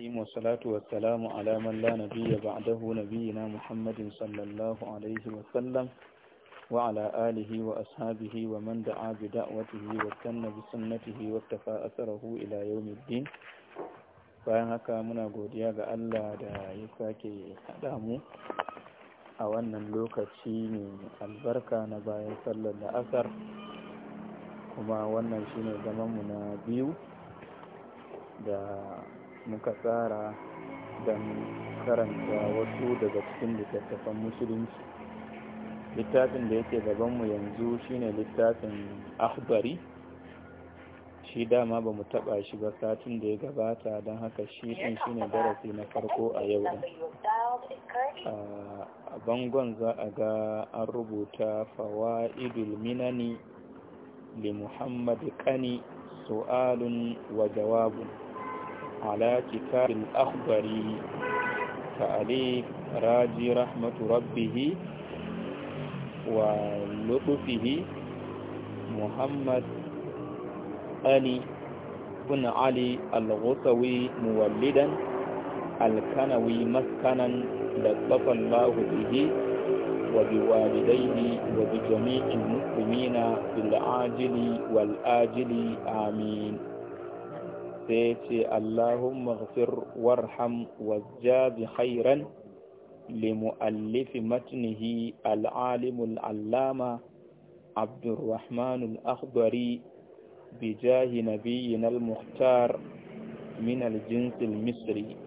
الرحيم والصلاة والسلام على من لا نبي بعده نبينا محمد صلى الله عليه وسلم وعلى آله وأصحابه ومن دعا بدعوته واستنى بسنته واكتفى أثره إلى يوم الدين bayan haka muna godiya ga Allah da ya sake haɗa mu a wannan lokaci ne albarka na bayan sallar da asar kuma wannan shine zamanmu na biyu da muka tsara da karanta wasu daga cikin littattafan musulunci littafin da yake gabanmu yanzu shine littafin ahbari shi dama ba mu taba shi ba satin da ya gabata don haka shi ɗin shine darasi na farko a yau ɗin a bangon za a ga an rubuta idul minani li muhammad kani su'alun wa jawabun على كتاب الأخبار فعليه راجي رحمة ربه ولطفه محمد علي بن علي الغطوي مولدا الكنوي مسكنا لطف الله به وبوالديه وبجميع المسلمين بالعاجل والآجل آمين sai ya ce Allahumma warham wajja bi khairan li muallifi matnihi al'alimul al-allama Abdurrahman al-Akhdari bi jahi nabiyina al-mukhtar min al-jins al-misri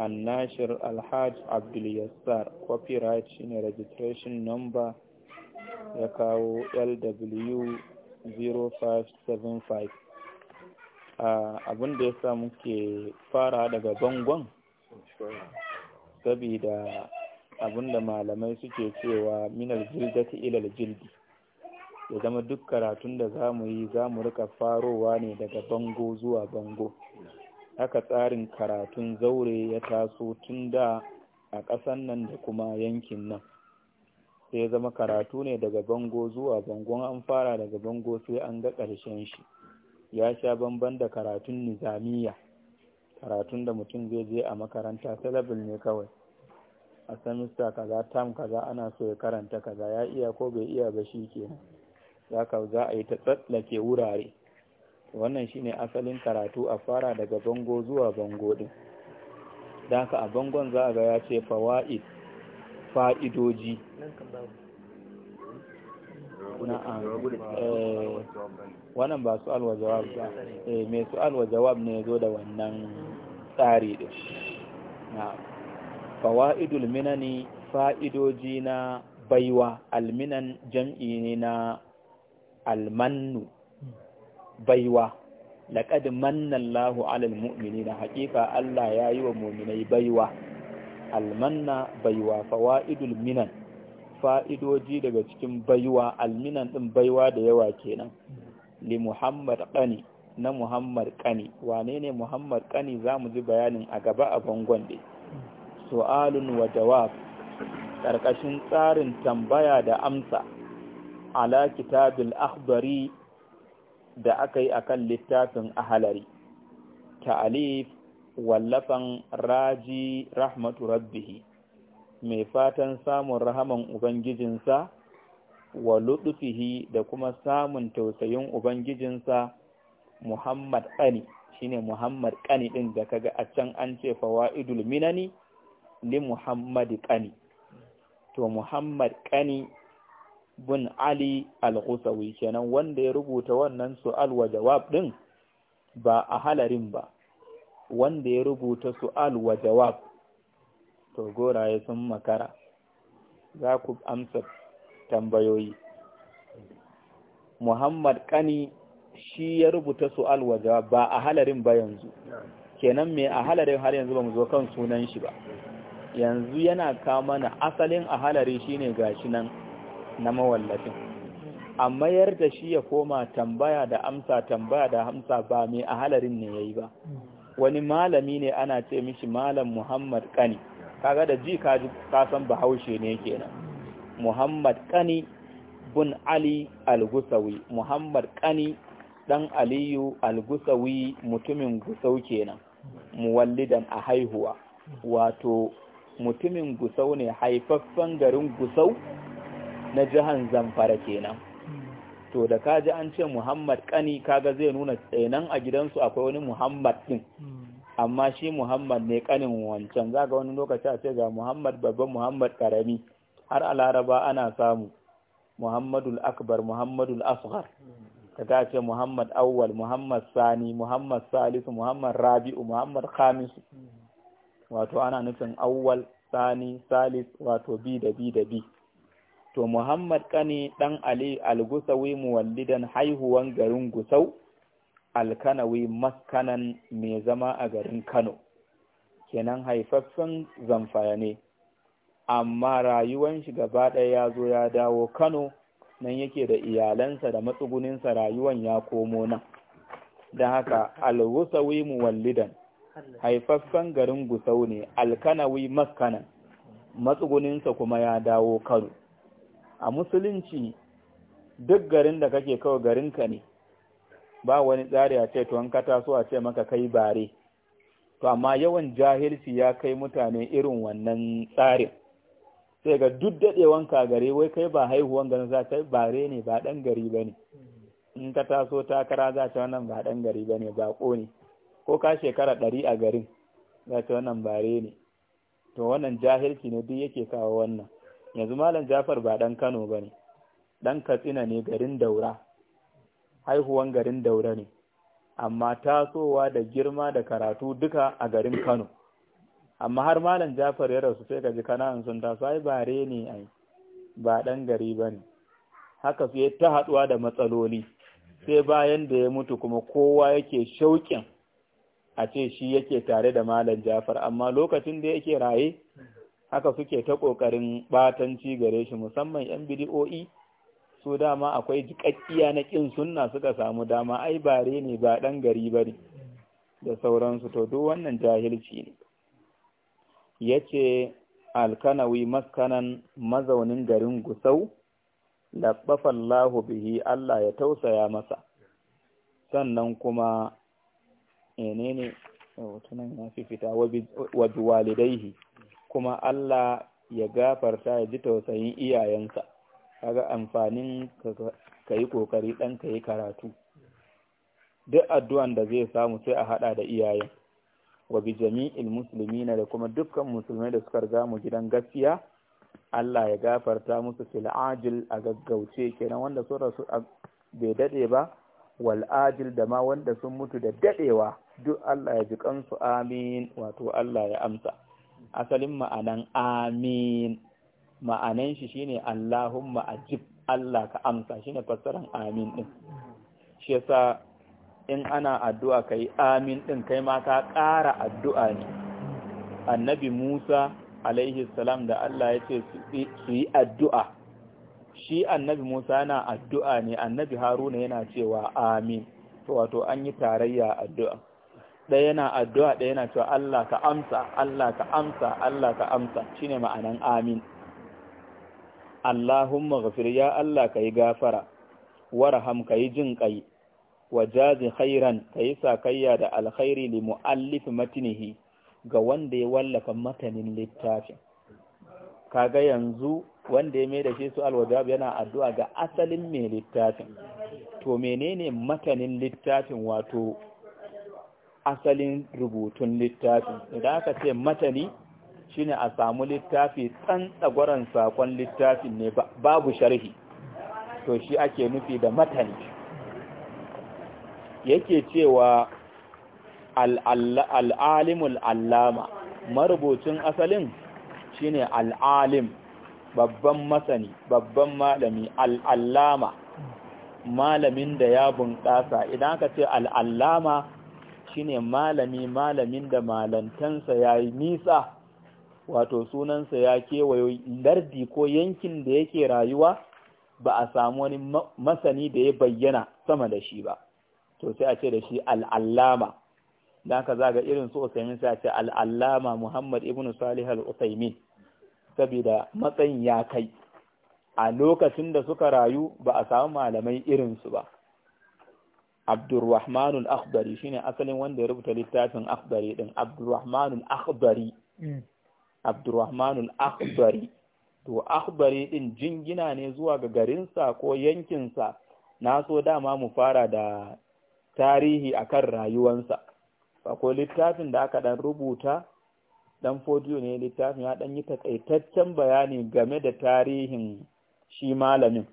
الناشر الحاج عبد اليسار كوبي رايت شيني registration number kawo LW 0575 abin da ya sa muke fara daga bangon saboda abin da malamai suke cewa minal jildati ilal jildi ya zama duk karatun da za mu yi za mu rika farowa ne daga bango zuwa bango haka tsarin karatun zaure ya taso tun da a ƙasan nan da kuma yankin nan sai ya zama karatu ne daga bango zuwa bangon an fara daga bango sai an ga ƙarshen shi ya sha bamban da karatun nizamiya karatun da mutum zai je a makaranta salabin ne kawai a samista kaza tam kaza ana so ya karanta kaza ya iya ko bai iya ba shi kenan za ka za a yi ta tsallake wurare wannan shine asalin karatu a fara daga bango zuwa bango din da haka a bangon za a ga ya ce fawa'id fa'idoji Eh, wannan ba su'al wa jawab ba eh, mai su'al wa jawab ne zo da wannan tsari din na fawaidul minani fa'idoji na baiwa alminan jam'i ne na almannu baiwa laqad mannan lahu alal mu'mini haqiqa Allah ya yi wa muminai baiwa almanna baiwa fawa'idul minan fa'idoji daga cikin baiwa alminan ɗin baiwa da yawa kenan li muhammad ƙani na muhammad ƙani wane ne muhammad ƙani za mu ji bayanin a gaba a bangon ɗin su'alun wa jawab ƙarƙashin tsarin tambaya da amsa ala kitabil akhbari da aka yi a kan littafin ahalari ta'alif wallafan raji rahmatu rabbihi mai fatan samun rahaman ubangijinsa wa lutufihi da kuma samun tausayin ubangijinsa Muhammad Kani shine Muhammad Kani ɗin da kaga a can an ce fawaidul minani li Muhammad Kani to Muhammad Kani bin Ali al kenan wanda ya rubuta wannan su'al wa jawab ɗin ba a halarin ba wanda ya rubuta su'al wa jawab to goraye sun makara za ku amsa tambayoyi muhammad kani shi ya rubuta su'al wa jawab ba a halarin ba yanzu kenan me a halarin har yanzu ba mu zo kan sunan shi ba yanzu yana kama na asalin a halari shine gashi nan na mawallafin amma da shi ya koma tambaya da amsa tambaya da amsa ba mai a halarin ne ya yi ba wani malami ne ana ce mishi malam muhammad kani kaga da ji ka san bahaushe ne kenan muhammad kani bin ali al-gusawi muhammad kani dan aliyu al-gusawi mutumin gusau kenan muwallidan a haihuwa wato mutumin gusau ne haifaffen garin gusau na jihan zamfara kenan to da kaji an ce muhammad kani kaga zai nuna tsenan a gidansu akwai wani muhammad din hmm. amma shi Muhammad ne kanin wancan za ga wani lokaci a ce ga Muhammad babban Muhammad karami har a laraba ana samu Muhammadul Akbar Muhammadul Asghar ga ce Muhammad Awwal Muhammad Sani Muhammad Salisu Muhammad Rabi'u Muhammad Khamisu wato ana nufin Awwal Sani Salis wato bi da bi da bi to Muhammad kani dan Ali Al-Gusawi muwallidan haihuwan garin Gusau alkanawi maskanan mai zama a garin Kano, kenan haifaffen zamfaya ne, amma rayuwan shi gaba ɗaya ya zo ya dawo Kano nan yake da iyalansa da matsuguninsa rayuwan ya komo nan. Da haka alwusawi muwallidan haifaffen garin gusau ne alkanawi maskanan matsuguninsa kuma ya dawo Kano. A musulunci duk garin da kake kawai garinka ne. ba wani tsari a ce to an ka a ce maka kai bare to amma yawan jahilci ya kai mutane irin wannan tsarin sai ga duk dadewan ka gare wai kai ba haihuwan ganin za ta bare ne ba dan gari bane in ka taso takara za ta wannan ba dan gari bane ba ko ne ko ka shekara ɗari a garin za ta wannan bare ne to wannan jahilci ne duk yake kawo wannan yanzu malam Jafar ba dan Kano bane dan Katsina ne garin Daura haihuwan garin daura ne amma tasowa da girma da karatu duka a garin kano amma har malam jafar ya rasu sai ka ji kana'an sun taso ai bare ne ai ba ɗan gari ba ne haka su ya ta haɗuwa da matsaloli sai bayan da ya mutu kuma kowa yake shauƙin a ce shi yake tare da malam jafar amma lokacin da yake raye haka suke ta ƙoƙarin batanci gare shi musamman 'yan bidi'o'i su dama akwai jiƙaƙƙiya na ƙin sunna suka samu dama ai bare ne ba ɗan gari bari da sauransu to duk wannan jahilci ne yace alkanawi maskanan mazaunin garin gusau labbafallahu bihi Allah ya tausaya masa sannan kuma ya fi fita wa kuma Allah ya gafarta ya ji tausayin iyayensa kaga amfanin ka yi kokari dan ka yi karatu duk addu'an da zai samu sai a hada da iyayen wa bi jami'il na da kuma dukkan musulmai da suka riga mu gidan gaskiya Allah ya gafarta musu fil ajil a gaggauce kenan wanda sun rasu bai dade ba wal ajil da ma wanda sun mutu da dadewa duk Allah ya ji kansu amin wato Allah ya amsa asalin ma'anan amin ma'anan shi shine Allahumma ajib Allah ka amsa shine fassaran amin din shi yasa in ana addu'a kai amin din kai ma ka ƙara addu'a ne annabi Musa alaihi salam da Allah yace ce su yi addu'a shi annabi Musa yana addu'a ne annabi Haruna yana cewa amin to wato an yi tarayya addu'a ɗaya yana addu'a ɗaya yana cewa Allah ka amsa Allah ka amsa Allah ka amsa shine ma'anan amin Allahumma ghafir ya Allah ka yi gafara, warham ka yi jin ƙai, wa jazi khairan ka yi sakayya da alkhairi li mu'allif matinihi ga wanda ya wallafa matanin littafin. Kaga yanzu wanda ya mai da shi su alwajab yana addu'a ga asalin mai littafin. To menene matanin littafin wato asalin rubutun littafin? Idan aka ce matani shine a samu littafi tsan tsagoran sakon littafin ne babu sharhi to shi ake nufi da matani yake cewa al'alimul allama marubucin asalin shine al'alim babban masani babban malami al'allama malamin da ya bunƙasa idan aka ce al'allama shine malami malamin da malantansa ya yi nisa wato sunansa ya kewaye lardi ko yankin da yake rayuwa ba a samu wani masani da ya bayyana sama da shi ba to sai a ce da shi al'allama Naka ka zaga irin su usaimin sai a ce al'allama muhammad ibn salih al-usaimin saboda matsayin ya kai a lokacin da suka rayu ba a samu malamai irinsu ba al akhbari shine asalin wanda ya rubuta littafin akhbari din al akhbari mm. Abdurrahman al-Akhbari to Akhbari din jingina ne zuwa ga garinsa ko yankinsa na so dama mu fara da tarihi a kan rayuwansa akwai littafin da aka dan rubuta dan fodiyo ne littafin ya ɗan yi takaitaccen bayani game da tarihin shi malamin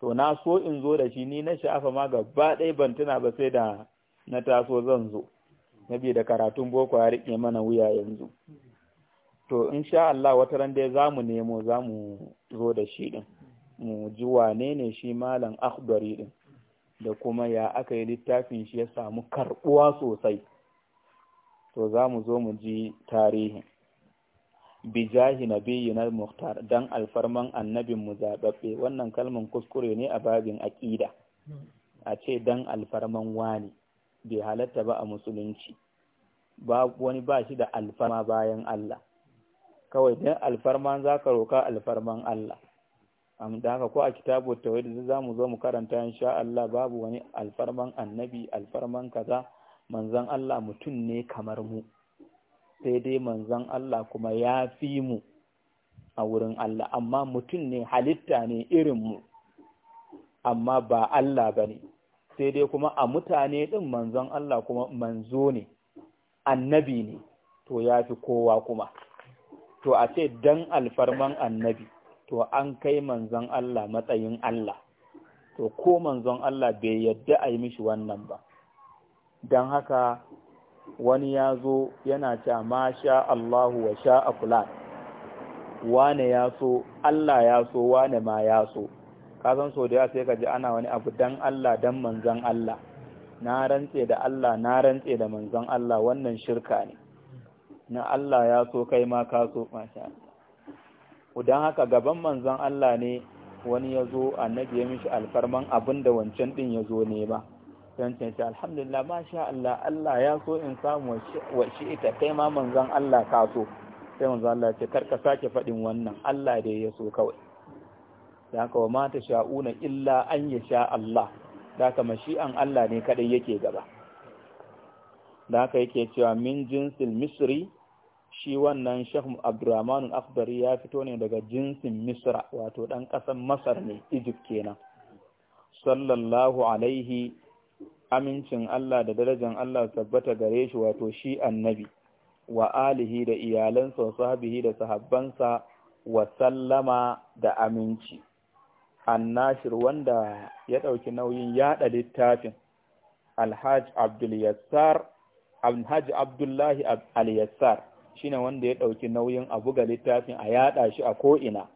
to na so in zo da shi ni na sha'afa ma gaba ɗaya ban tuna ba sai da na taso zan zo Na nabi da karatun boko ya riƙe mana wuya yanzu to in sha Allah wata ran dai mu nemo za mu zo da shi din mu ji wane ne shi malam akhdari din da kuma ya aka yi littafin shi ya samu karbuwa sosai to zamu zo mu ji tarihi bijahi nabiyina muhtar dan alfarman annabin mu wannan kalman kuskure ne a babin aqida a ce dan alfarman wani bai halatta ba a musulunci wani ba shi da alfarma bayan Allah kawai dan alfarman za ka roka alfarman Allah da haka ko a kitabu tawhid za mu zo mu karanta insha Allah babu wani alfarman annabi alfarman kaza manzan Allah mutum ne kamar mu sai dai manzan Allah kuma ya fi mu a wurin Allah amma mutum ne halitta ne irin mu amma ba Allah bane sai dai kuma a mutane din manzon Allah kuma manzo ne annabi ne to ya fi kowa kuma to a ce dan alfarman annabi to an kai manzon Allah matsayin Allah to ko manzon Allah bai yadda a yi mishi wannan ba don haka wani ya zo yana cewa ma sha Allahu wa sha fulan wane ya so Allah ya so wane ma ya so kasan so da ya sai ka ji ana wani abu dan Allah dan manzon Allah na rantse da Allah na rantse da manzon Allah wannan shirka ne na Allah ya so kai ma ka so masha Udan haka gaban manzon Allah ne wani ya zo annabi ya mishi alfarman abin da wancan din ya zo ne ba don ce alhamdulillah masha Allah Allah ya so in samu wa ita kai ma manzon Allah ka so sai manzon Allah ce kar ka sake faɗin wannan Allah da ya so kawai da haka wa mata sha'una illa an ya sha Allah da haka mashi'an Allah ne kadai yake gaba da haka yake cewa min jinsil misri shi wannan Sheikh Abdurrahman Akbari ya fito ne daga jinsin Misra wato dan ƙasar Masar ne Egypt kenan sallallahu alaihi amincin Allah da darajar Allah tabbata gare shi wato shi annabi wa alihi da iyalansa wa sahbihi da sahabbansa wa sallama da aminci annashir wanda ya ɗauki nauyin yaɗa littafin alhaji abdul yassar abdullahi al yassar shine wanda ya ɗauki nauyin a buga littafin a yaɗa shi a ko'ina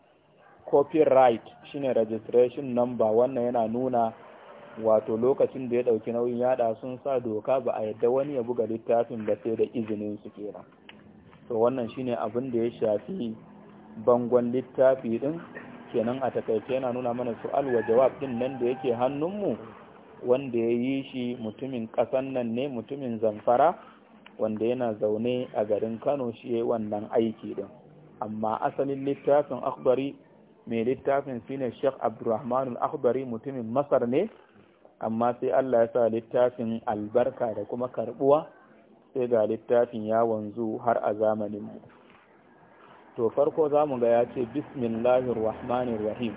copyright shine registration number wannan yana nuna wato lokacin da ya ɗauki nauyin yaɗa sun sa doka ba a yadda wani ya buga littafin ba sai da izinin su kenan to wannan shine abin da ya shafi bangon littafi din kenan a takaice yana nuna mana su'al wa jawab din nan da yake hannunmu wanda ya yi shi mutumin ƙasan nan ne mutumin zamfara wanda yana zaune a garin Kano shi yi wannan aiki din amma asalin littafin akhbari mai littafin shine Sheikh Abdulrahman al-Akhbari mutumin Masar ne amma sai Allah ya sa littafin albarka da kuma karbuwa sai ga littafin ya wanzu har a zamanin mu to farko zamu ga ya ce bismillahir rahmanir rahim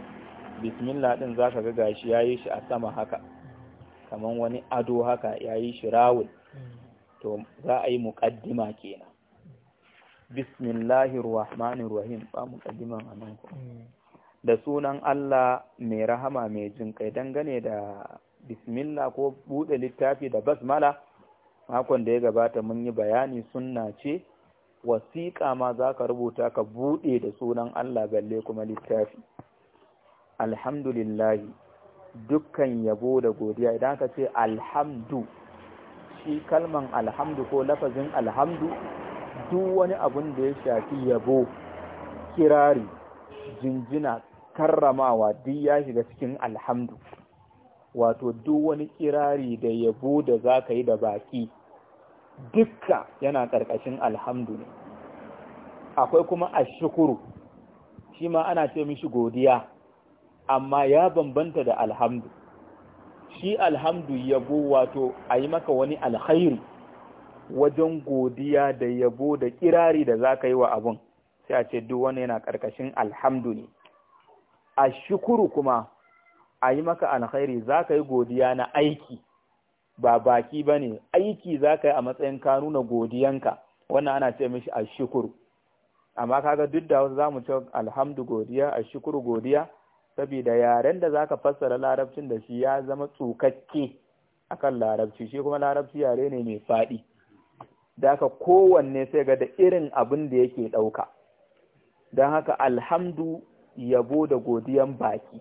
bismillah din zaka ga gashi yi shi a sama haka Kamar wani ado haka yayi shi rawul to za a yi muƙaddima kenan bismillahir rahmanir rahim ba a nan ko mm. da sunan Allah mai rahama mai jin kai dangane da bismillah ko bude littafi da basmala makon da ya gabata mun yi bayani sunna ce wasiƙa ma za ka rubuta ka bude da sunan Allah balle kuma littafi alhamdulillahi dukkan yabo da godiya idan ka ce alhamdu shi kalman alhamdu ko lafazin alhamdu duk wani abun da ya shafi yabo kirari jinjina karramawa duk ya shiga cikin alhamdu wato duk wani kirari da yabo da za ka yi da baki dukka yana ƙarƙashin alhamdu ne akwai kuma ashukuru shi ma ana ce mishi godiya amma ya bambanta da alhamdu shi alhamdu yabo wato a yi maka wani alkhairi wajen godiya da yabo da kirari da za ka yi wa abun sai a ce duk wani yana ƙarƙashin alhamdu ne a shukuru kuma a yi maka alkhairi za ka yi godiya na aiki ba baki ba ne aiki za ka yi a matsayin ka nuna godiyanka wannan ana ce mishi a shukuru amma kaga duk da wasu za mu ce alhamdu godiya a shukuru godiya saboda yaren da zaka fassara larabcin da shi ya zama tsukakke akan larabci shi kuma larabci yare ne mai faɗi da ka kowanne sai ga da irin abin da yake ɗauka don haka alhamdu yabo da godiyan baki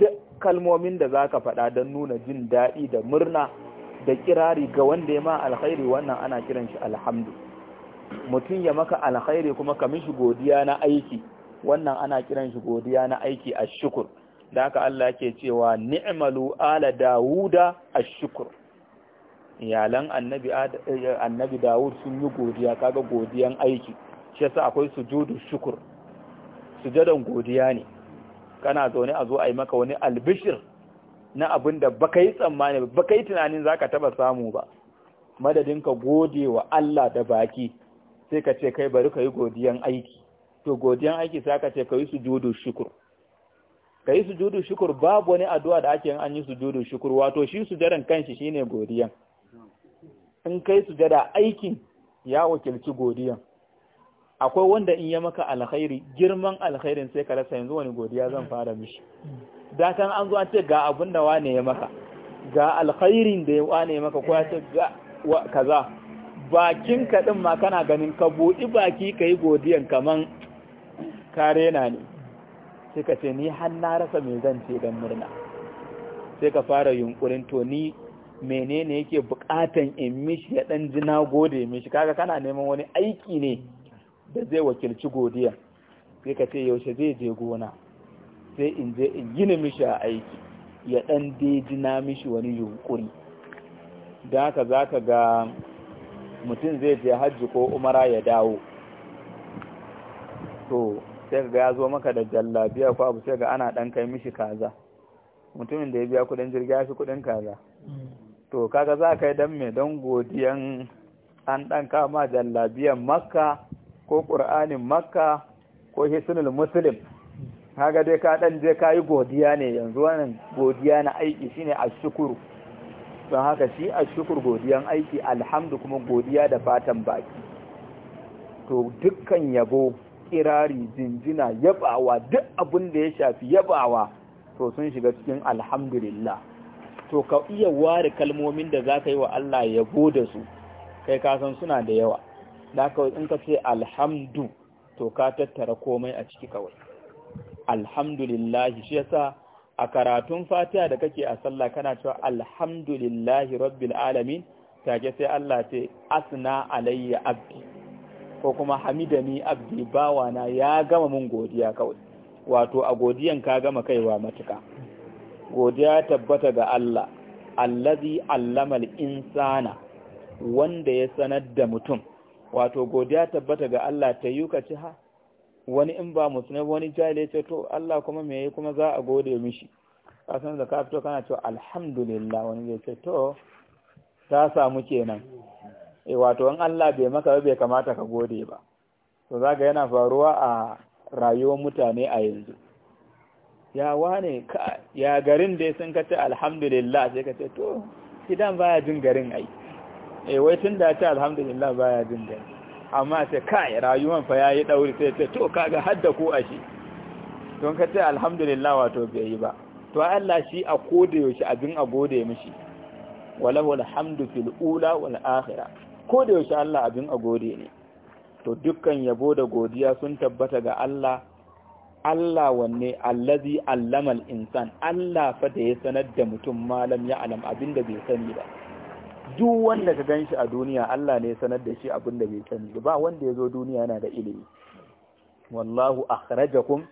duk kalmomin da zaka faɗa don nuna jin daɗi da murna da kirari ga wanda ya ma alkhairi wannan ana kiran shi alhamdu mutum ya maka alkhairi kuma ka mishi godiya na aiki wannan ana kiran shi godiya na aiki ashukur da haka Allah ke cewa ni'malu ala dauda ashukur iyalan eh, annabi Dawud sun yi godiya kaga godiyan aiki shi yasa akwai sujudu shukur sujadan godiya ne kana zaune a zo a yi maka wani albishir na abin da baka yi tsammani baka yi tunanin zaka taɓa samu ba madadin ka gode wa Allah da baki sai ka ce kai bari ka yi godiyan aiki to godiyan aiki sai aka ce ka yi sujudu shukur ka yi sujudu shukur babu wani addu'a da ake yin an yi sujudu shukur wato shi sujudan kanshi shine godiyan in kai sujada aikin ya wakilci godiyan akwai wanda in ya maka alkhairi girman alkhairin sai ka rasa yanzu wani godiya zan fara mishi datan an zo an ce ga abin da wane ya maka ga alkhairin da wane ya maka ko ya ce ga kaza bakin ka din ma kana ganin ka buɗi baki ka yi godiyan kaman kare na ne sai ka ce ni har na rasa me zan ce don murna sai ka fara yunkurin to ni menene yake bukatan in mishi ya dan ji na gode mishi kaga kana neman wani aiki ne da zai wakilci godiya sai ka ce yaushe zai je gona sai in je in gina mishi a aiki ya dan dai ji na mishi wani yunkuri da haka za ka ga mutum zai je hajji ko umara ya dawo to sai ga ya zo maka da jallabiya ko abu sai ga ana dan kai mishi kaza mutumin da ya biya kudin jirgi ya fi kudin kaza to kaga za ka yi dan me dan godiyan an dan kama jallabiyan makka ko qur'anin makka ko hisnul muslim kaga dai ka dan je ka godiya ne yanzu wannan godiya na aiki shine ashkuru don haka shi ashkuru godiyan aiki alhamdu kuma godiya da fatan baki to dukkan yabo kirari jinjina yabawa duk abin da ya shafi yabawa to sun shiga cikin alhamdulillah to ka iya ware kalmomin da za ka yi wa Allah ya da su kai kasan suna da yawa da kawai in ka ce alhamdu to ka tattara komai a ciki kawai alhamdulillahi shi yasa a karatun fatiha da kake a sallah kana cewa alhamdulillahi rabbil alamin take sai Allah ce asna alayya abdi ko kuma hamidani abdi na ya gama mun godiya kawai wato a godiyan ka gama kaiwa matuka godiya tabbata ga Allah allazi allamal insana wanda ya sanar da mutum wato godiya tabbata ga Allah ta yi kaci ci ha wani in ba musulmi wani jahil ya ce to Allah kuma me yayi kuma za a gode mishi ka san da ka fito kana cewa alhamdulillah wani ya ce to ta samu kenan Eh, wato in Allah bai maka bai kamata ka gode ba to zaga yana faruwa a rayuwar mutane a yanzu ya wane ka ya garin dai sun ka ce alhamdulillah sai ka ce to idan baya jin garin ai eh wai tun da ce alhamdulillah baya jin garin amma sai kai rayuwar fa yayi dauri sai ce to kaga hadda ko ashe don ka ce alhamdulillah wato bai yi ba to Allah shi a koda yaushe abin a gode mishi wala alhamdu fil ula wal akhirah ko da yaushe Allah abin a gode ne to dukkan yabo da godiya sun tabbata ga Allah Allah wanne allazi allama insan Allah fa da ya sanar da mutum malam ya alam abin da bai sani ba duk wanda ka ganshi a duniya Allah ne ya sanar da shi abin da bai sani ba wanda ya zo duniya yana da ilimi wallahu akhrajakum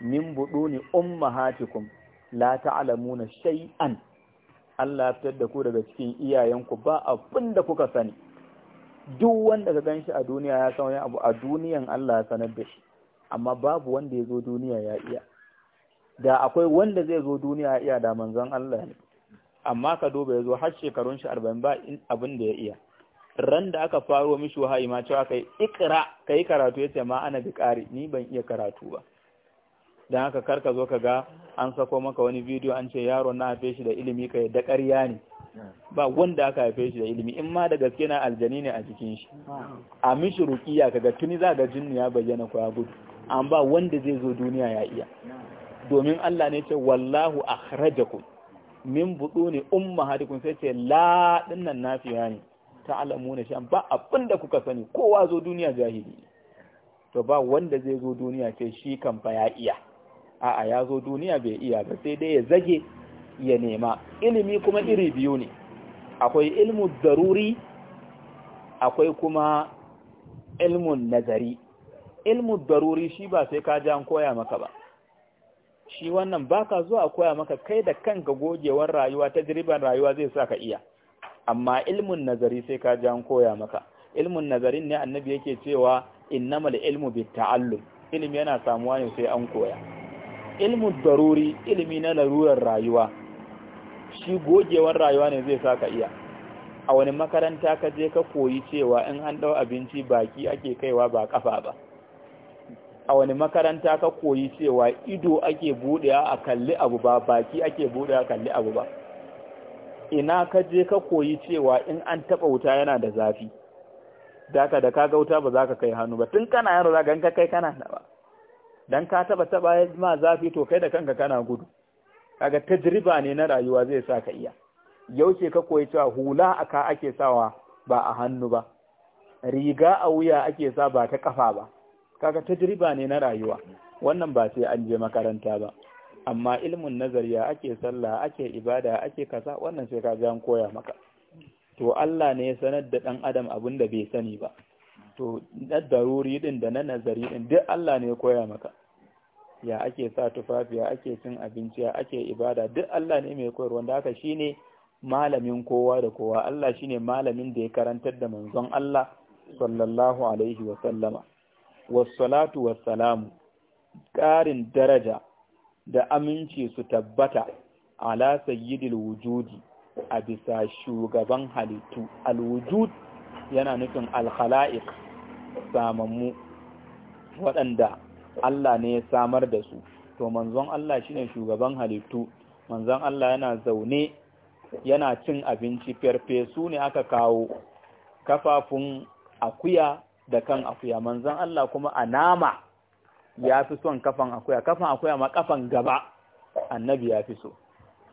min buduni ummahatikum la ta'lamuna shay'an Allah ya fitar da ku daga cikin iyayenku ba abin da kuka sani duk wanda ka gan shi a duniya ya san wani abu a duniyan Allah ya sanar da shi amma babu wanda ya zo duniya ya iya da akwai wanda zai zo duniya ya iya da manzon Allah ne amma ka duba ya zo har shekarun shi arba'in ba abin da ya iya ran da aka faro mishi wahayi ma cewa kai ikra kai karatu yace ma ana bi ƙari ni ban iya karatu ba dan haka karka zo ka ga an sako maka wani bidiyo an ce yaro na afe shi da ilimi kai da ƙarya ne ba wanda aka haife shi da ilimi in ma da gaske na aljani ne a jikin shi a mishi rukiya kaga tuni za ga jinni ya bayyana ko ya gudu an ba wanda zai zo duniya ya iya domin Allah ne ce wallahu akhrajakum min buduni ummahatikum sai ce la dinnan nafiya ne ta'lamuna shan ba abin da kuka sani kowa zo duniya jahili to ba wanda zai zo duniya ce shi kan fa ya iya a'a ya zo duniya bai iya ba sai dai ya zage ya nema ilimi kuma iri biyu ne akwai ilmu daruri akwai kuma ilmun nazari ilmu daruri shi ba sai ka ji an koya maka ba shi wannan baka zuwa a koya maka kai da kanka gogewar rayuwa ta jiriban rayuwa zai sa ka iya amma ilmun nazari sai ka ji an koya maka ilmun nazarin ne annabi yake cewa innamal ilmu bitta'allum ilmi yana samuwa ne sai an koya ilmu daruri ilmi na larurar rayuwa shi gogewar rayuwa ne zai sa ka iya a wani makaranta ka je ka koyi cewa in an dau abinci baki ake kaiwa ba kafa ba a wani makaranta ka koyi cewa ido ake budewa a kalli abu ba baki ake budewa a kalli abu ba ina ka je ka koyi cewa in an taba wuta yana da zafi daka da kaga wuta ba za ka kai hannu ba tun kana yaro za ka kai kana da ba dan ka taba taba ma zafi to kai da kanka kana gudu kaga tajriba ne na rayuwa zai sa ka iya Yau ce ka koyi cewa hula aka ake sawa ba a hannu ba riga a wuya ake sa ba ta kafa ba kaga tajriba ne na rayuwa wannan ba sai an je makaranta ba amma ilmin nazariya ake sallah ake ibada ake kaza wannan sai ka ga an koya maka to Allah ne ya sanar da dan adam abin da bai sani ba to na daruri din da na nazari din duk Allah ne ya koya maka ya ake sa tufafi ya ake cin abinci ya ake ibada duk Allah ne mai koyarwa da haka shine malamin kowa da kowa Allah shine malamin da ya karantar da manzon Allah sallallahu alaihi wa sallama wassalatu wassalamu ƙarin daraja da aminci su tabbata ala sayyidil wujudi a bisa shugaban halittu alwujud yana nufin al-halaye khalaiq samammu waɗanda Allah ne ya samar da su to manzon Allah shi ne shugaban halittu manzon Allah yana zaune yana cin abinci Su ne aka kawo kafafun akuya da kan akuya manzon Allah kuma a nama ya fi son kafan akuya kafan akuya ma kafan gaba annabi ya fi so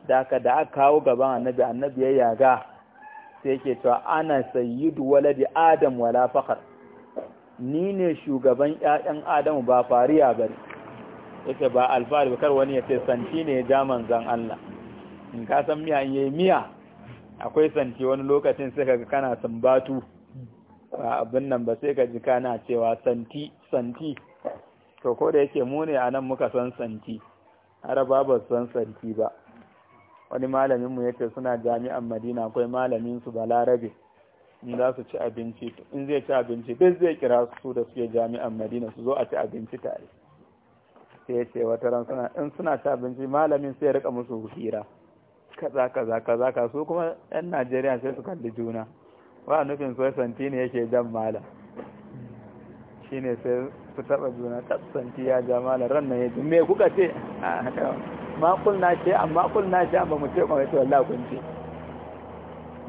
da aka da aka kawo gaban annabi annabi ya yaga sai ke cewa ana sayyidu waladi adam wala fakar. ni ne shugaban ‘ya'yan Adamu ba fariya ba ne, yake ba alfahari kar wani ya ce santi ne ya ja zan Allah, in ka san miya in yi miya akwai santi wani lokacin sai ka kana sambatu ba abin nan ba sai ka ji kana cewa santi santi to ko da yake mu ne a nan muka san santi har ba ba san santi ba wani malaminmu yake suna jami'an madina akwai malamin su balarabe in za su ci abinci in zai ci abinci bai zai kira su da suke jami'an madina su zo a ci abinci tare sai ce wata ran suna in suna ci abinci malamin sai ya rika musu hira kaza kaza kaza ka su kuma yan najeriya sai su kalli juna ba nufin so santi ne yake jan malam shine sai su taba juna santi ya ja malam ran nan yaji me kuka ce ah, ma kulna ce amma kulna ce amma mu ce kuma sai wallahi kun ce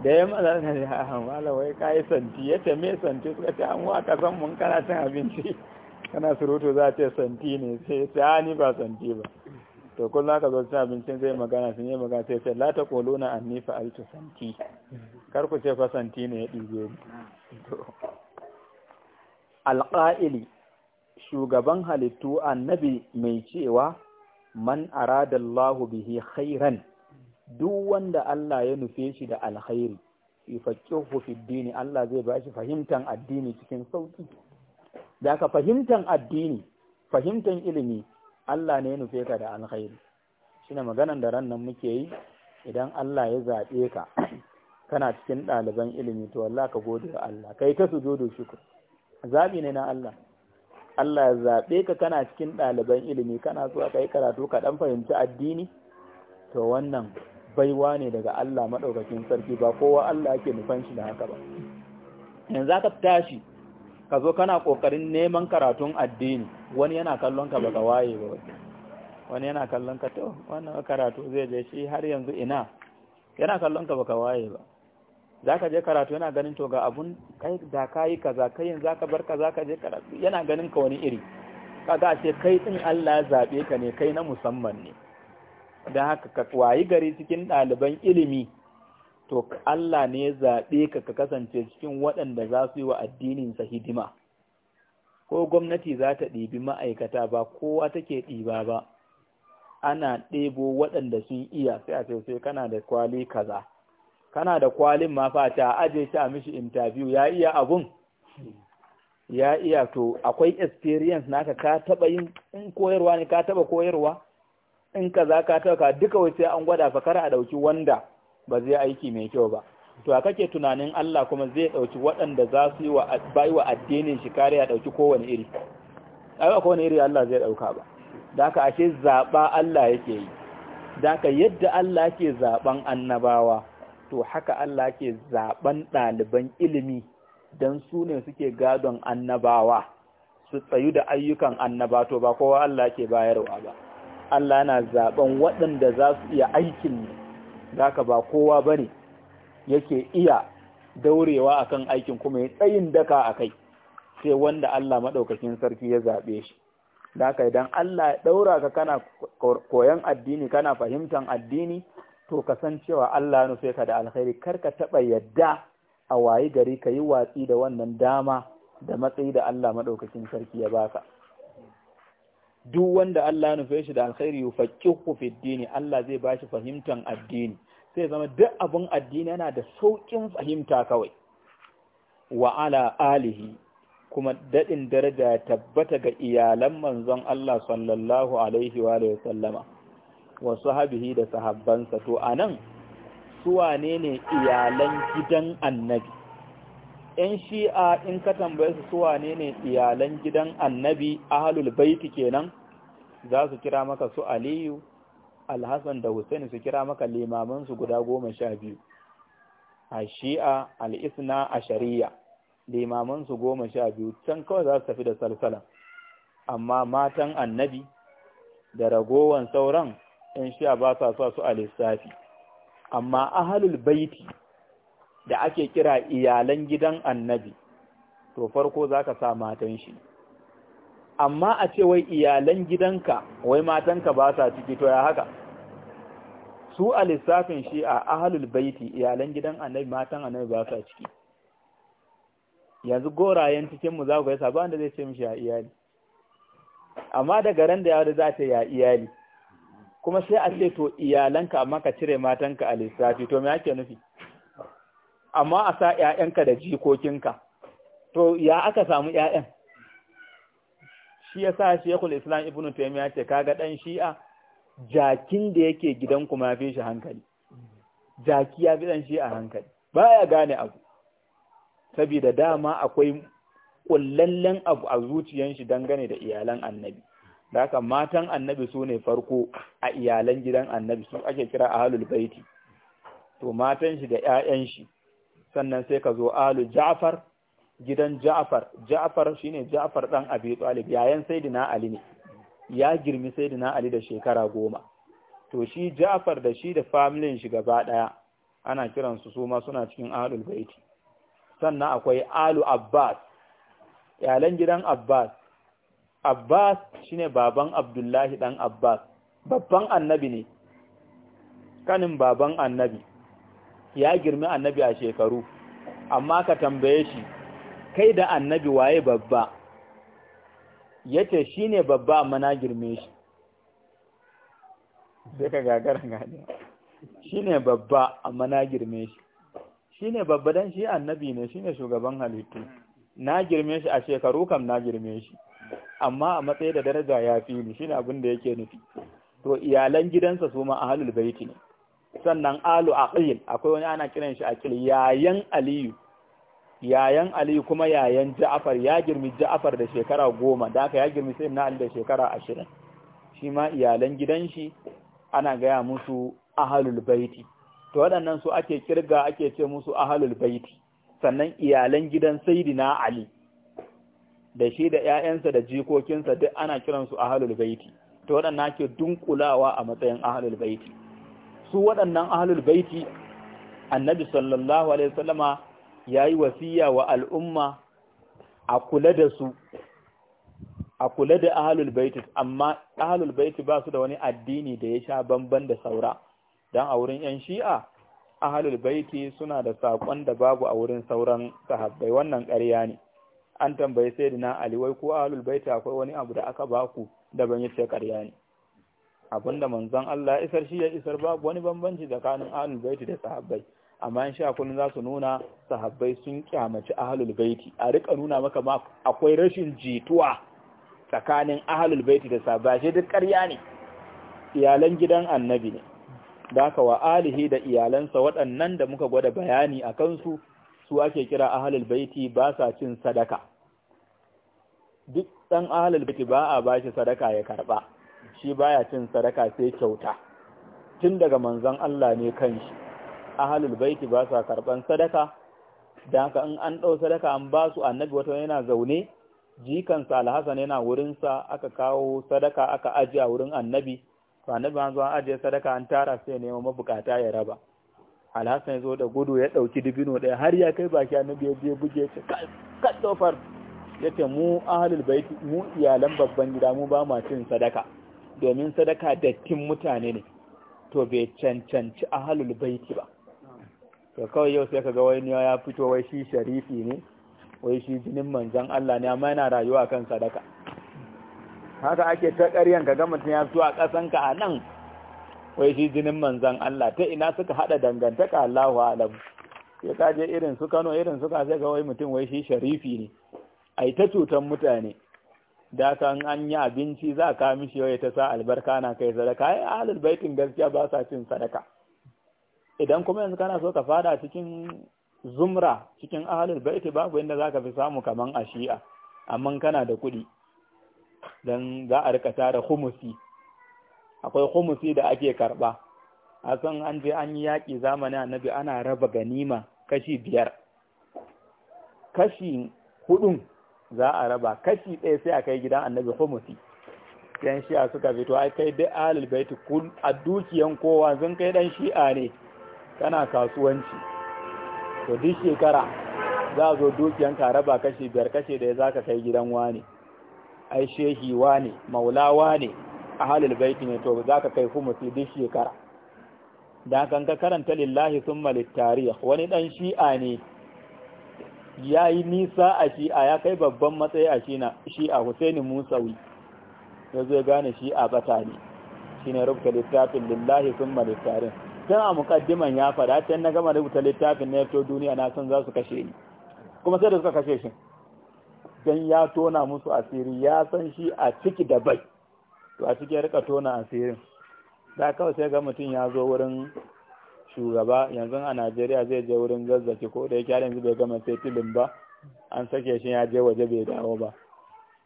da ya mana na da ah, hamala wai kayi santi ya ce me santi suka ce an waka san mun kana cin abinci kana surutu za a ce santi ne sai a ah, ni ba santi ba to kun ka zo cin abincin zai magana sun yi magana sai ce la ta kolona an nifa altu santi kar ku ce fa santi ne ya ɗige ni alƙa'ili shugaban halittu annabi mai cewa man aradallahu bihi khairan duk wanda Allah ya nufe shi da alkhairi yufaqihu fi dini Allah zai ba shi fahimtan addini cikin sauki da ka fahimtan addini fahimtan ilimi Allah ne ya nufe ka da alkhairi shine maganan da ran nan muke yi idan Allah ya zabe ka kana cikin ɗaliban ilimi to Allah ka gode wa Allah kai ta sujudu shukr zabi ne na Allah Allah ya zabe ka kana cikin ɗaliban ilimi kana zuwa kai karatu ka dan fahimci addini to wannan baiwa ne daga Allah maɗaukakin sarki ba kowa Allah ke nufan shi da haka ba yanzu aka tashi ka zo kana ƙoƙarin neman karatun addini wani yana kallon ka baka waye ba wani yana kallon ka to wannan karatu zai je shi har yanzu ina yana kallon ka baka waye ba za ka je karatu yana ganin to ga abun kai da ka yi kaza kai yanzu ka bar ka za ka je karatu yana ganin ka wani iri ga ce kai ɗin Allah ya ka ne kai na musamman ne da haka ka wayi gari cikin ɗaliban ilimi to Allah ne ya zaɓe ka ka kasance cikin waɗanda za su yi wa addininsa hidima ko gwamnati za ta ɗibi ma'aikata ba kowa take ɗiba ba ana ɗebo waɗanda sun iya sai a ce sai kana da kwali kaza kana da kwalin ma fata aje shi a mishi interview ya iya abun ya iya to akwai experience naka ka taba yin koyarwa ne ka taba koyarwa in ka za ka tauka duka sai an gwada fa kar a dauki wanda ba zai aiki mai kyau ba to a kake tunanin Allah kuma zai ɗauki waɗanda za su yi wa bai wa addinin shi kare ya ɗauki kowane iri ai ba kowane iri Allah zai ɗauka ba da haka ashe zaɓa Allah yake yi da haka yadda Allah ke zaban annabawa to haka Allah ke zaɓan ɗaliban ilimi dan su ne suke gadon annabawa su tsayu da ayyukan annaba to ba kowa Allah ke bayarwa ba Allah yana zaben waɗanda za su iya aikin ne ka ba kowa bane yake iya daurewa akan aikin kuma ya tsayin daka a kai sai wanda Allah maɗaukakin sarki ya zaɓe shi Da ka idan Allah ya ɗaura ka kana koyon addini kana fahimtar addini to ka san cewa Allah ya nufe ka da alkhairi kar ka taɓa yadda a wayi gari ka yi watsi da wannan dama da matsayi da Allah maɗaukakin sarki ya baka duk wanda Allah nufe shi da alkhairi yufaqihu fi dini Allah zai ba shi fahimtar addini sai zama duk abin addini yana da sauƙin fahimta kawai wa alihi kuma daɗin daraja ya tabbata ga iyalan manzon Allah sallallahu alaihi wa sallama wa sahabihi da sahabbansa to anan su wane ne iyalan gidan annabi ‘yan shi'a in ka tambaye su suwa ne ne iyalan gidan annabi a halul baiti kenan za su kira maka su aliyu alhassan da hussein su kira maka limamansu guda goma sha biyu a shi'a al'isna a shari'a limamansu goma sha biyu can kawai za su tafi da salsalan amma matan annabi da ragowan sauran ‘yan shi'a ba sa su a lissafi amma halul baiti da ake kira iyalan gidan annabi to farko za ka sa matan shi amma a ce wai iyalan gidanka wai matanka ba sa ciki to ya haka su a lissafin shi a ahalul baiti iyalan gidan annabi matan annabi ba sa ciki yanzu gorayen cikinmu za ku yasa ba wanda zai ce mishi ya iyali amma daga ran da yawon za ta ya iyali kuma sai a ce to iyalanka amma ka cire matanka a lissafi to me ake nufi amma a sa ‘ya'yanka da jikokinka, to ya aka samu ‘ya'yan? Shi ya sa kula Islam Ibn Taymiyyah ce, kaga ɗan shi'a, jakin da yake gidan kuma fi shi hankali, jaki ya fi ɗan shi'a hankali, ba ya gane abu, saboda dama akwai ƙullallen abu a zuciyan shi dangane da iyalan annabi. Da haka matan annabi su ne farko a iyalan gidan annabi su ake kira a halul baiti, to matan shi da ‘ya'yan shi. sannan sai ka zo alu ja'far gidan ja'far ja'far shine ja'far dan abi talib yayan sayyidina ali ne ya girmi saidina ali da shekara goma to shi ja'far da shi da familin shi gaba daya ana kiransu su suma suna cikin alul baiti sannan akwai alu abbas yalan gidan abbas abbas shine baban abdullahi dan abbas babban annabi ne kanin baban annabi ya girmi annabi a shekaru amma ka tambaye shi kai da annabi waye babba yace shine babba amma na girme shi sai ka gagara gane shine babba amma na girme shi shine babba dan shi annabi ne shine shugaban halittu na girme shi a shekaru kam na girme shi amma a matsayi da daraja ya fi ni ne abin da yake nufi to iyalan gidansa su ma ahlul baiti ne sannan alu aqil akwai wani ana kiran shi aqil yayan aliyu yayan aliyu kuma yayan ja'afar, ya girmi ja'far da shekara goma da aka ya girmi sai na ali da shekara ashirin shi ma iyalan gidan shi ana gaya musu ahalul baiti to waɗannan su ake kirga ake ce musu ahalul baiti sannan iyalan gidan saidina ali da shi da ƴaƴansa da jikokinsa duk ana kiransu ahalul baiti to waɗannan ake dunkulawa a matsayin ahalul baiti su waɗannan ahlul baiti annabi sallallahu alaihi wasallama yayi wasiya wa al'umma a kula da su a kula da ahlul baiti amma ahlul baiti ba su da wani addini da ya sha bamban da saura dan a wurin yan shi'a ahlul baiti suna da sakon da babu a wurin sauran sahabbai wannan ƙarya ne an tambaye sayyidina ali wai ko ahlul baiti akwai wani abu da aka baku da ban yace ƙarya ne abinda manzon Allah isar shi ya isar babu wani bambanci tsakanin ahlul baiti da sahabbai amma in sha kullun za su nuna sahabbai sun kyamaci ahlul baiti a rika nuna maka ma akwai rashin jituwa tsakanin ahlul baiti da sahabbai shi duk ƙarya ne iyalan gidan annabi ne daka wa alihi da iyalansa waɗannan da muka gwada bayani a kansu su ake kira ahlul baiti ba sa cin sadaka duk ɗan ahlul baiti ba a bashi sadaka ya karɓa shi baya cin sadaka sai kyauta tun daga manzon Allah ne kanshi ahalul baiti ba su karban sadaka dan haka in an dau sadaka an ba su annabi wato yana zaune jikansa alhasan yana wurinsa aka kawo sadaka aka aje a wurin annabi to annabi an zo an ajiye sadaka an tara sai neman mabukata ya raba alhasan ya zo da gudu ya ɗauki dibino ɗaya har ya kai baki annabi ya je buge ce kaddofar ya mu ahalul baiti mu iyalan babban gida mu ba ma cin sadaka domin sadaka dattin mutane ne to bai cancanci ahalul baiti ba to kawai yau sai kaga wani ya fito wai shi sharifi ne wai shi jinin manzon Allah ne amma yana rayuwa kan sadaka haka ake ta ƙaryan kaga mutum ya fito a ƙasan ka a nan wai shi jinin manzon Allah ta ina suka hada dangantaka Allahu alam sai kaje irin su Kano irin su ka sai ga wai mutum wai shi sharifi ne ai ta cutan mutane da ka an yi abinci za ka mishi yau ta sa albarka na kai sadaka ai ahlul baitin gaskiya ba sa cin sadaka idan kuma yanzu kana so ka fada cikin zumra cikin ahlul baiti babu inda zaka fi samu kaman a shi'a amma kana da kuɗi dan za a rika tara humusi akwai humusi da ake karba a san an je an yi yaƙi zamanin annabi ana raba ganima kashi biyar kashi hudun za a raba kashi ɗaya sai a kai gidan annabi homosi yan shi'a suka fito ai kai da alil baiti kun a dukiyan kowa zan kai dan shi'a ne kana kasuwanci to duk shekara za a zo dukiyan ka raba kashi biyar kashi ɗaya za ka kai gidan wani ai shehi wani maula wane ahalul baiti ne to za ka kai humusi duk shekara da kan ka karanta lillahi summa littarih wani ɗan shi'a ne ya yi nisa a shi a ya kai babban matsayi a shi shi na a husaini musawi ya zo gane shi'a bata ne shi ne rubuta littafin lillahi sun malittarin tun a mukaddiman ya fada can na gama rubuta littafin na yato duniya na sun za su kashe ni kuma sai da suka kashe shi don ya tona musu asiri ya san shi a ciki da bai to a ciki ya rika tona asirin da kawai sai ga mutum ya zo wurin shugaba yanzu a Najeriya zai je wurin zazzaki ko da yake yanzu bai gama sai tilin ba an sake shi ya je waje bai dawo ba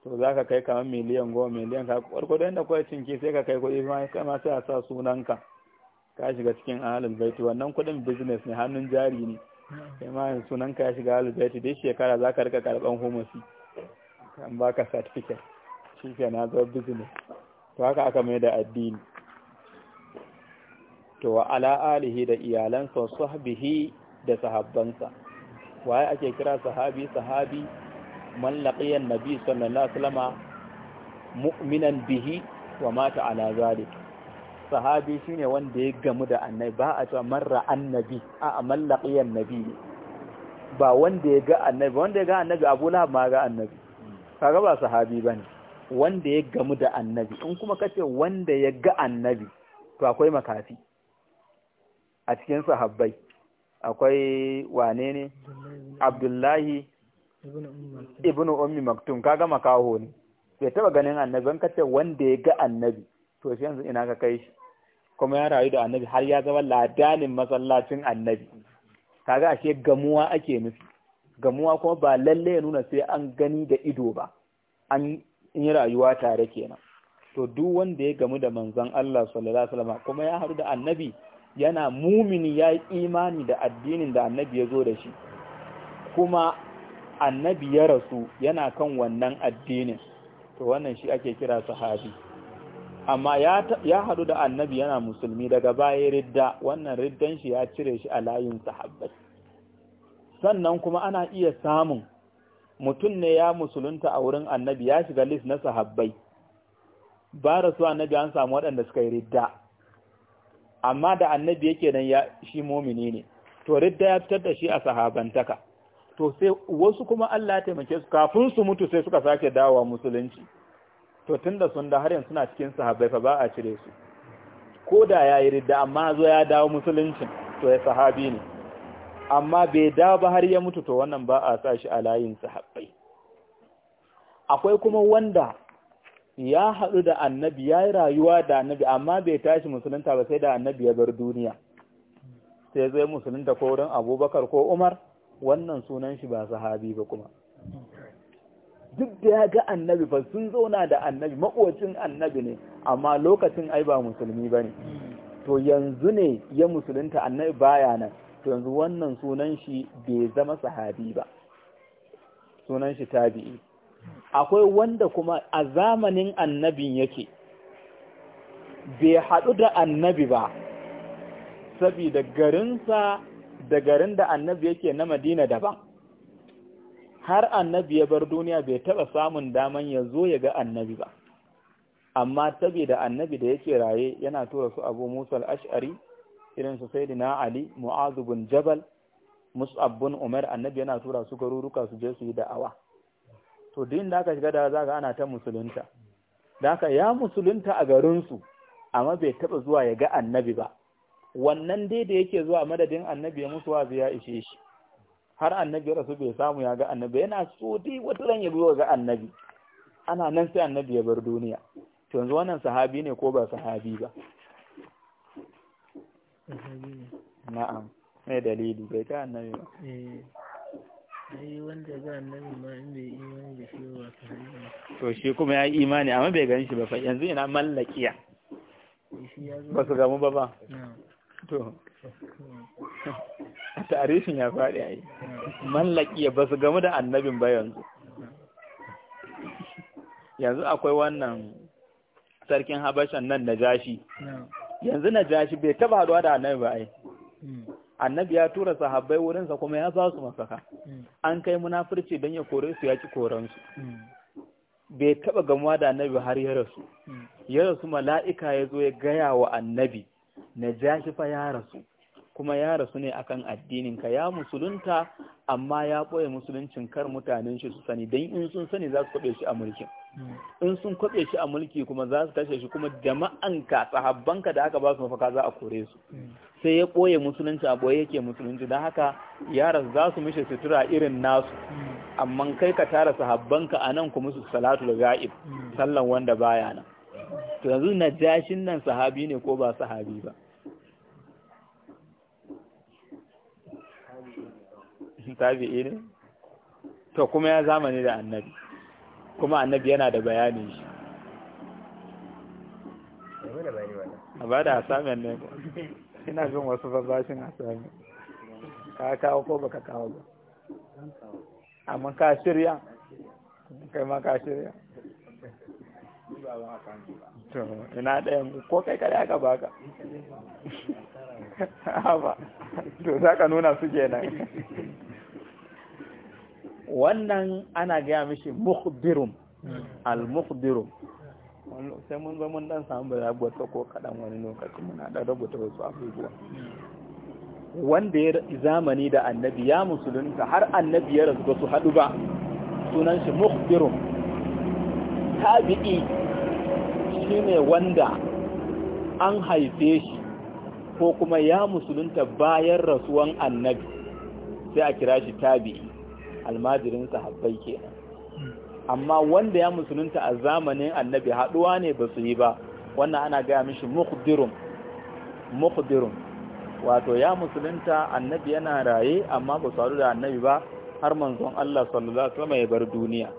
to za ka kai kamar miliyan goma miliyan ka farko da yadda cin cinki sai ka kai kuɗi ma kai ma sai a sa sunanka ka shiga cikin ahalul baiti wannan kuɗin business ne hannun jari ne kai ma sunanka ya shiga ahalul baiti dai shekara za ka rika karɓan humusi kan baka certificate shi ke na zo business to haka aka mai da addini to wa ala alihi da iyalansa sahbihi da sahabbansa waye ake kira sahabi sahabi man laqiya annabi sallallahu alaihi wasallam mu'minan bihi wa mata ala zalik sahabi shine wanda ya gamu da annabi ba a cewa marra annabi a man laqiya annabi ba wanda ya ga annabi wanda ya ga annabi Abu Lahab ma ga annabi kaga ba sahabi bane wanda ya gamu da annabi in kuma kace wanda ya ga annabi to akwai makafi a cikin sahabbai akwai wane ne abdullahi ibnu ummi maktum kaga makaho ne bai taba ganin annabi an kace wanda ya ga annabi to shi yanzu ina ka kai shi kuma ya rayu da annabi har ya zama ladanin masallacin annabi kaga ashe gamuwa ake nufi gamuwa kuma ba lalle ya nuna sai an gani da ido ba an yi rayuwa tare kenan to duk wanda ya gamu da manzon Allah sallallahu alaihi wasallam kuma ya haru da annabi yana mumini ya yi imani da addinin da annabi ya zo da shi kuma annabi ya rasu yana kan wannan addinin to wannan shi ake kira sahabi amma ya haɗu da annabi yana musulmi daga baya ridda wannan riddan shi ya cire shi a layin sahabbai sannan kuma ana iya samun mutum ne ya musulunta a wurin annabi ya shiga list na sahabbai ba rasu annabi an samu waɗanda suka yi ridda amma da annabi yake nan ya shi mumini ne to ridda ya fitar da shi a sahabantaka to sai wasu kuma Allah ya taimake su kafin su mutu sai suka sake dawowa musulunci to tunda sun da har yanzu suna cikin sahabbai fa ba a cire su ko da yayi ridda amma zo ya dawo musulunci to ya sahabi ne amma bai dawo ba har ya mutu to wannan ba a sa shi a layin sahabbai akwai kuma wanda ya haɗu da annabi ya yi rayuwa da annabi amma bai tashi musulunta ba sai da annabi ya bar duniya sai zai musulunta ko wurin abubakar ko umar wannan sunan shi ba sahabi ba kuma duk da ya ga annabi fa sun zauna da annabi makocin annabi ne amma lokacin ai ba musulmi ba ne to yanzu ne ya musulunta annabi baya nan to yanzu wannan sunan shi bai zama sahabi ba sunan shi tabi'i akwai wanda kuma a zamanin annabin yake bai haɗu da annabi ba saboda garinsa da garin da annabi yake na madina daban har annabi ya bar duniya bai taɓa samun daman ya zo ya ga annabi ba amma saboda annabi da yake raye yana tura su abu musa ashari irin su sai ali mu'azu jabal mus'ab umar annabi yana tura su garuruka su je su yi da'awa to din da aka shiga da za ga ana ta musulunta da aka ya musulunta a garinsu amma bai taɓa zuwa ya ga annabi ba wannan dai da yake zuwa madadin annabi ya musu wazi ya ishe shi har annabi rasu bai samu ya ga annabi yana so dai wata ran ya ga annabi ana nan sai annabi ya bar duniya to yanzu wannan sahabi ne ko ba sahabi ba na'am mai dalili bai ta annabi ba eh. to shi kuma ya yi imani amma bai gan shi ba yanzu yana mallakiya ba su gamu ba ba to tarihin ya faɗi a yi mallakiya ba su gamu da annabin ba yanzu yanzu akwai wannan sarkin habashan nan na jashi yanzu na jashi bai taba haɗuwa da annabi ba ai hmm. annabi ya tura sahabbai wurinsa kuma ya za su masaka hmm. an kai munafurci don ya kore su ya ci koransu hmm. bai taba gamuwa da annabi har ya rasu hmm. ya rasu mala'ika ya zo ya gaya wa annabi na fa ya rasu kuma ya rasu ne akan addininka ya musulunta amma ya ɓoye musuluncin kar mutanen shi su sani don in sun sani za su kwaɓe shi a mulki in sun kwaɓe shi a mulki kuma za su kashe shi kuma jama'anka sahabbanka da aka ba su mafaka za a kore su sai ya ɓoye musulunci a ɓoye yake musulunci don haka yaran za su mishi sutura irin nasu amma kai ka tara sahabbanka a nan kuma su salatu da ga'ib sallan wanda baya nan to yanzu jashin nan sahabi ne ko ba sahabi ba ne to kuma ya zamani da annabi kuma annabi yana da bayanin shi a ba da hasamen ne ina jin wasu babashin a sami ka kawo ko baka kawo ba amma ka shirya kai ma ka shirya to ina ɗaya ko kai kare aka baka haba to za ka nuna su kenan wannan ana gaya mishi mukhbirum al mukbirum. sai mun zama dan samu rabota ko kaɗan wani lokacin muna da rubuta wasu abubuwa wanda ya zamani da annabi ya musulunta har annabi ya rasu su haɗu ba sunan shi mukhbirun tabi'i ne wanda an haife shi ko kuma ya musulunta bayan rasuwan annabi sai a kira shi tabi'i almajirin sahabbai kenan amma wanda ya musulunta a zamanin annabi haduwa ne ba su yi ba wannan ana gaya mishi mukhdirun mukhdirun wato ya musulunta annabi yana raye amma ba su da annabi ba har manzon Allah sallallahu alaihi wasallam ya bar duniya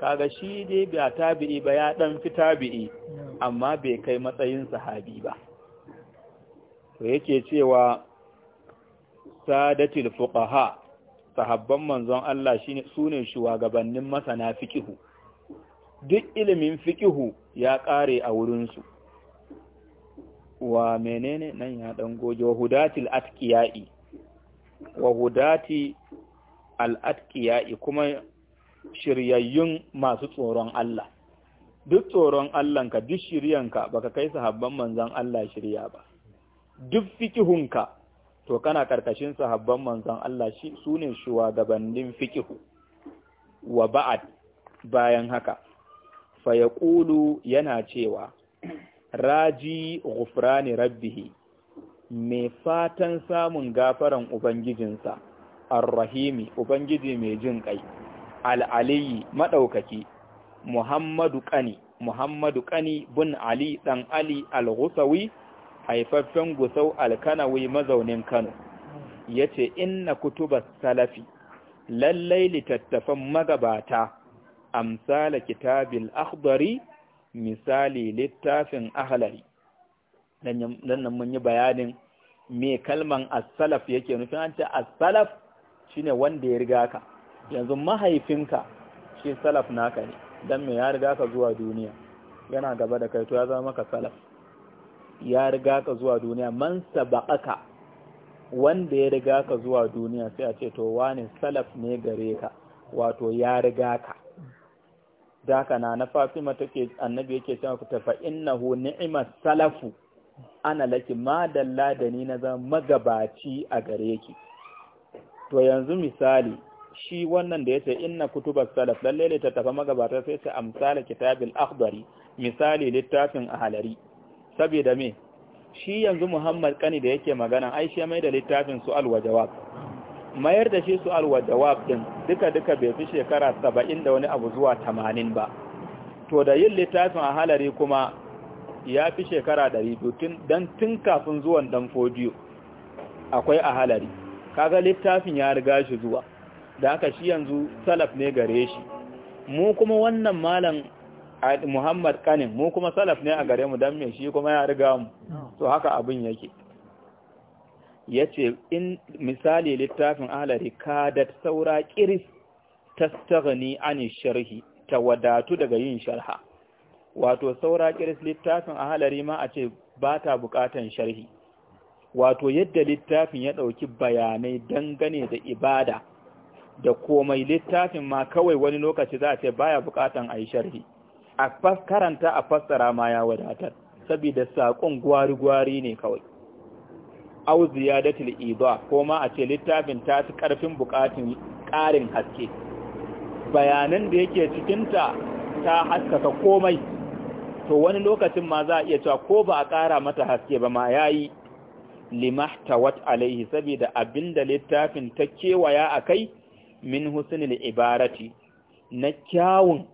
kaga shi dai ba tabi'i ba ya dan fi tabi'i amma bai kai matsayin sahabi ba to yake cewa sadatul fuqaha sahabban manzon Allah shine sune shugabannin masana fiqihu duk ilimin fiqihu ya ƙare a wurin su wa menene nan ya dan goje wa hudatil atqiyai wa hudati al atqiyai kuma shiryayyun masu tsoron Allah duk tsoron Allahnka duk shiryanka baka kai sahabban manzon Allah shirya ba duk fikihunka to kana karkashin sahabban manzon Allah shi su ne shugabannin fikihu wa ba'ad bayan haka fa yaqulu yana cewa raji ghufrani rabbih mai fatan samun gafaran ubangijinsa arrahimi ubangiji mai jin ƙai. al-aliyi madaukaki muhammadu ƙani. muhammadu ƙani bin ali ɗan ali al-ghusawi haifaffen gusau alkanawi mazaunin kano ya ce inna kutuba salafi lallai littattafan magabata amsala kitabil akhdari misali littafin ahalari dan nan mun yi bayanin me kalman as-salaf yake nufin an ce as-salaf shine wanda ya riga ka yanzu mahaifinka shi salaf naka ne dan me ya riga ka zuwa duniya yana gaba da kai to ya zama maka salaf ya riga ka zuwa duniya man sabaqaka wanda ya riga ka zuwa duniya sai a ce to wani salaf ne gare ka wato ya riga ka daka na na Fatima take annabi yake cewa ku tafa innahu ni'mat salafu ana laki madalla da ni na zama magabaci a gare ki to yanzu misali shi wannan da yace inna kutubas salaf lalle ne ta tafa magabata sai ta amsala kitabil akhbari misali littafin ahlari saboda me shi yanzu Muhammad Kani da yake magana ai shi mai da littafin su'al wa jawab mayar da shi su'al wa jawab din duka duka bai fi shekara 70 da wani abu zuwa 80 ba to da yin littafin a halari kuma ya fi shekara 200 dan tun kafin zuwan dan fodiyo akwai a halari kaga littafin ya riga shi zuwa da haka shi yanzu salaf ne gare shi mu kuma wannan malam Muhammad kanin mu kuma salaf ne a gare mu dan me shi kuma ya riga mu to haka abin yake yace in misali littafin ahlari kadat saura kiris tastaghni an sharhi tawadatu daga yin sharha wato saura kiris littafin ahlari ma a ce ba ta bukatan sharhi wato yadda littafin ya dauki bayanai dangane da ibada da komai littafin ma kawai wani lokaci za a ce baya bukatan ayi sharhi a karanta a fassara ma ya wadatar saboda saƙon gwari-gwari ne kawai au ziyadatul idha ko ma a ce littafin ta fi karfin bukatun ƙarin haske bayanan da yake cikinta ta haskaka komai to wani lokacin ma za a iya cewa ko ba a ƙara mata haske ba ma yayi limahtawat alaihi saboda abinda littafin ta kewaya a kai, min husnul ibarati na kyawun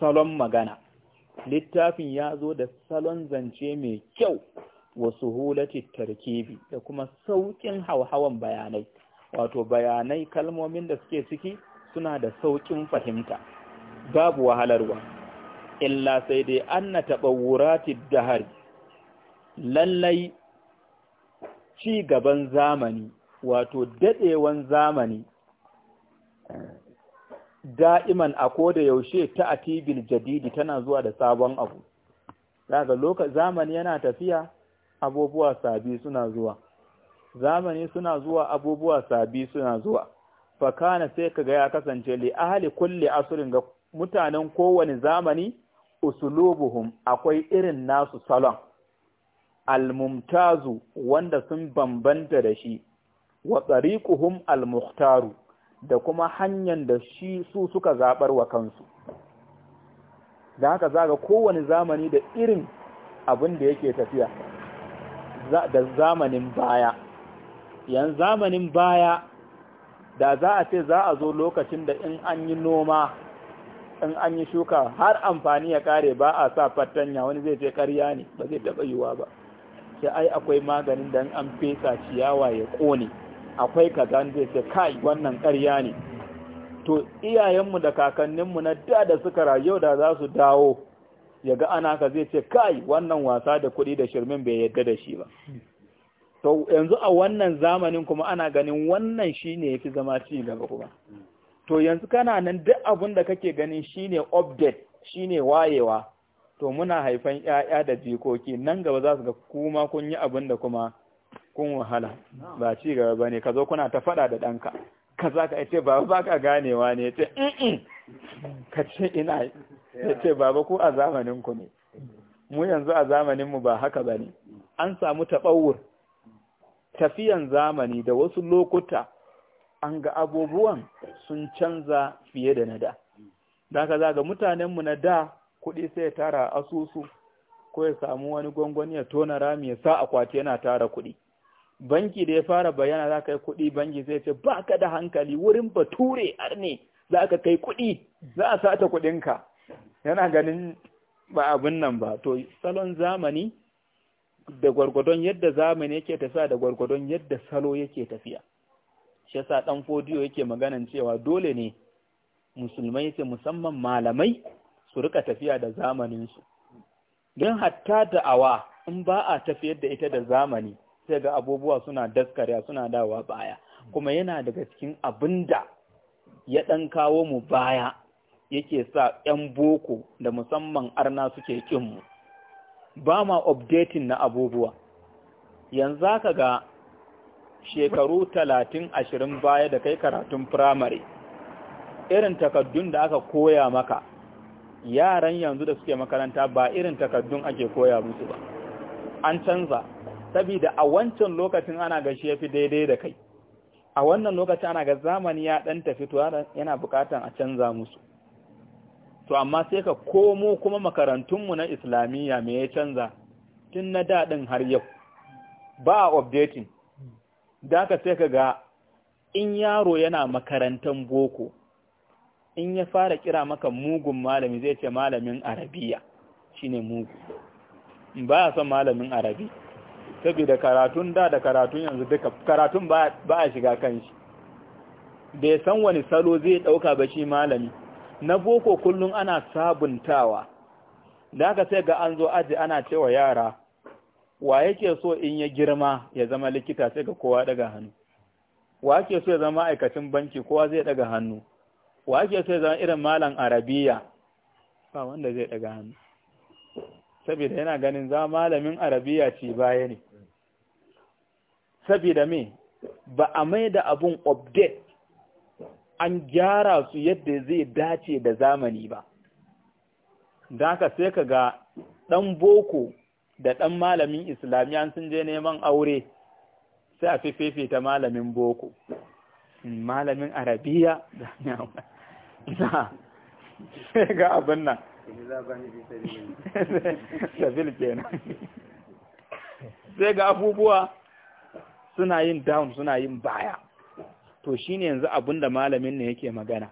salon magana littafin ya zo da salon zance mai kyau wa suhulati tarkibi da kuma sauƙin hauhawan bayanai wato bayanai kalmomin da suke ciki suna da sauƙin fahimta babu wahalarwa illa sai dai anna tabawuratid dahari lallai ci gaban zamani wato dadewan zamani da'iman a koda yaushe ta atibil jadidi tana zuwa da sabon abu daga lokacin zamani yana tafiya abubuwa sabi suna zuwa zamani suna zuwa abubuwa sabi suna zuwa fakana sai kaga ya kasance li ahli kulli asrin ga mutanen kowane zamani usulubuhum akwai irin nasu salon almumtazu wanda sun bambanta da shi wa tsariquhum almukhtaru da kuma hanyar da shi su suka zaɓar wa kansu da haka zaga kowane zamani da irin abin da yake tafiya da zamanin baya yan zamanin baya da za a ce za a zo lokacin da in an yi noma in an yi shuka har amfani ya kare ba a sa fatanya wani zai ce karya ne ba zai taɓa yiwa ba sai ai akwai maganin da an fesa ciyawa ya ƙone akwai kaza zai ce kai wannan ƙarya ne to iyayenmu da kakanninmu na da da suka rayu da za su dawo ya ga ana ka zai ce kai wannan wasa da kuɗi da shirmin bai yadda da shi ba to yanzu a wannan zamanin kuma ana ganin wannan shine yafi zama ci gaba kuma to yanzu kana nan duk abin da kake ganin shine update shine wayewa to muna haifan ƴaƴa da jikoki nan gaba za su ga kuma kun yi abin da kuma kun wahala ba ci gaba ba ne ka zo kuna ta faɗa da ɗanka ka za ka ce baba ba ka ganewa ne ce ka ce ina ya ce baba ku a zamaninku ne mu yanzu a zamaninmu ba haka ba ne an samu taɓawur tafiyan zamani da wasu lokuta an ga abubuwan sun canza fiye da na da da ka zaga mutanenmu na da kuɗi sai tara asusu ko ya samu wani gwangwani ya tona rami ya sa akwati yana tara kuɗi banki da ya fara bayyana za ka yi kuɗi banki zai ce ba ka da hankali wurin bature ar ne za ka kai kuɗi za a sata kuɗinka yana ganin ba abin nan ba to salon zamani da gwargwadon yadda zamani yake tafiya da gwargwadon yadda salo yake tafiya shi yasa dan fodiyo yake maganan cewa dole ne musulmai ce musamman malamai su rika tafiya da zamaninsu don hatta da'awa in ba a tafiyar da ita da zamani sai ga abubuwa suna daskarya suna dawa baya kuma yana daga cikin abin da ya ɗan kawo mu baya yake sa 'yan boko da musamman arna suke ƙin ba ma updating na abubuwa yanzu ka ga shekaru talatin ashirin baya da kai karatun firamare irin takaddun da aka koya maka yaran yanzu da suke makaranta ba irin takaddun ake koya musu ba an canza Sabida a wancan lokacin ana ga shi fi daidai da kai a wannan lokacin ana ga zamani ya ɗan tafi to yana bukatan a canza musu to amma sai ka komo kuma makarantunmu na islamiyya me ya canza tun na daɗin har yau ba a updating da ka sai ka ga in yaro yana makarantan boko in ya fara kira maka mugun malami zai ce malamin arabiya shine mugu ba a son malamin arabi saboda karatun da da karatun yanzu duka karatun ba a shiga kanshi bai san wani salo zai dauka ba shi malami na boko kullum ana sabuntawa da aka sai ga an zo aji ana cewa yara wa yake so in ya girma ya zama likita sai ga kowa daga hannu wa yake so ya zama ma'aikacin banki kowa zai daga hannu wa yake so ya zama irin malam arabiya ba wanda zai daga hannu saboda yana ganin za malamin arabiya ci baya ne saboda me ba a mai da abun update an gyara su yadda zai dace da zamani ba da haka sai ka ga ɗan boko da ɗan malamin islamiyya sun je neman aure sai a fifita malamin boko malamin arabiya da yawa sai ga abin nan sai ga abubuwa suna yin down suna yin baya to shine yanzu abin da malamin ne yake magana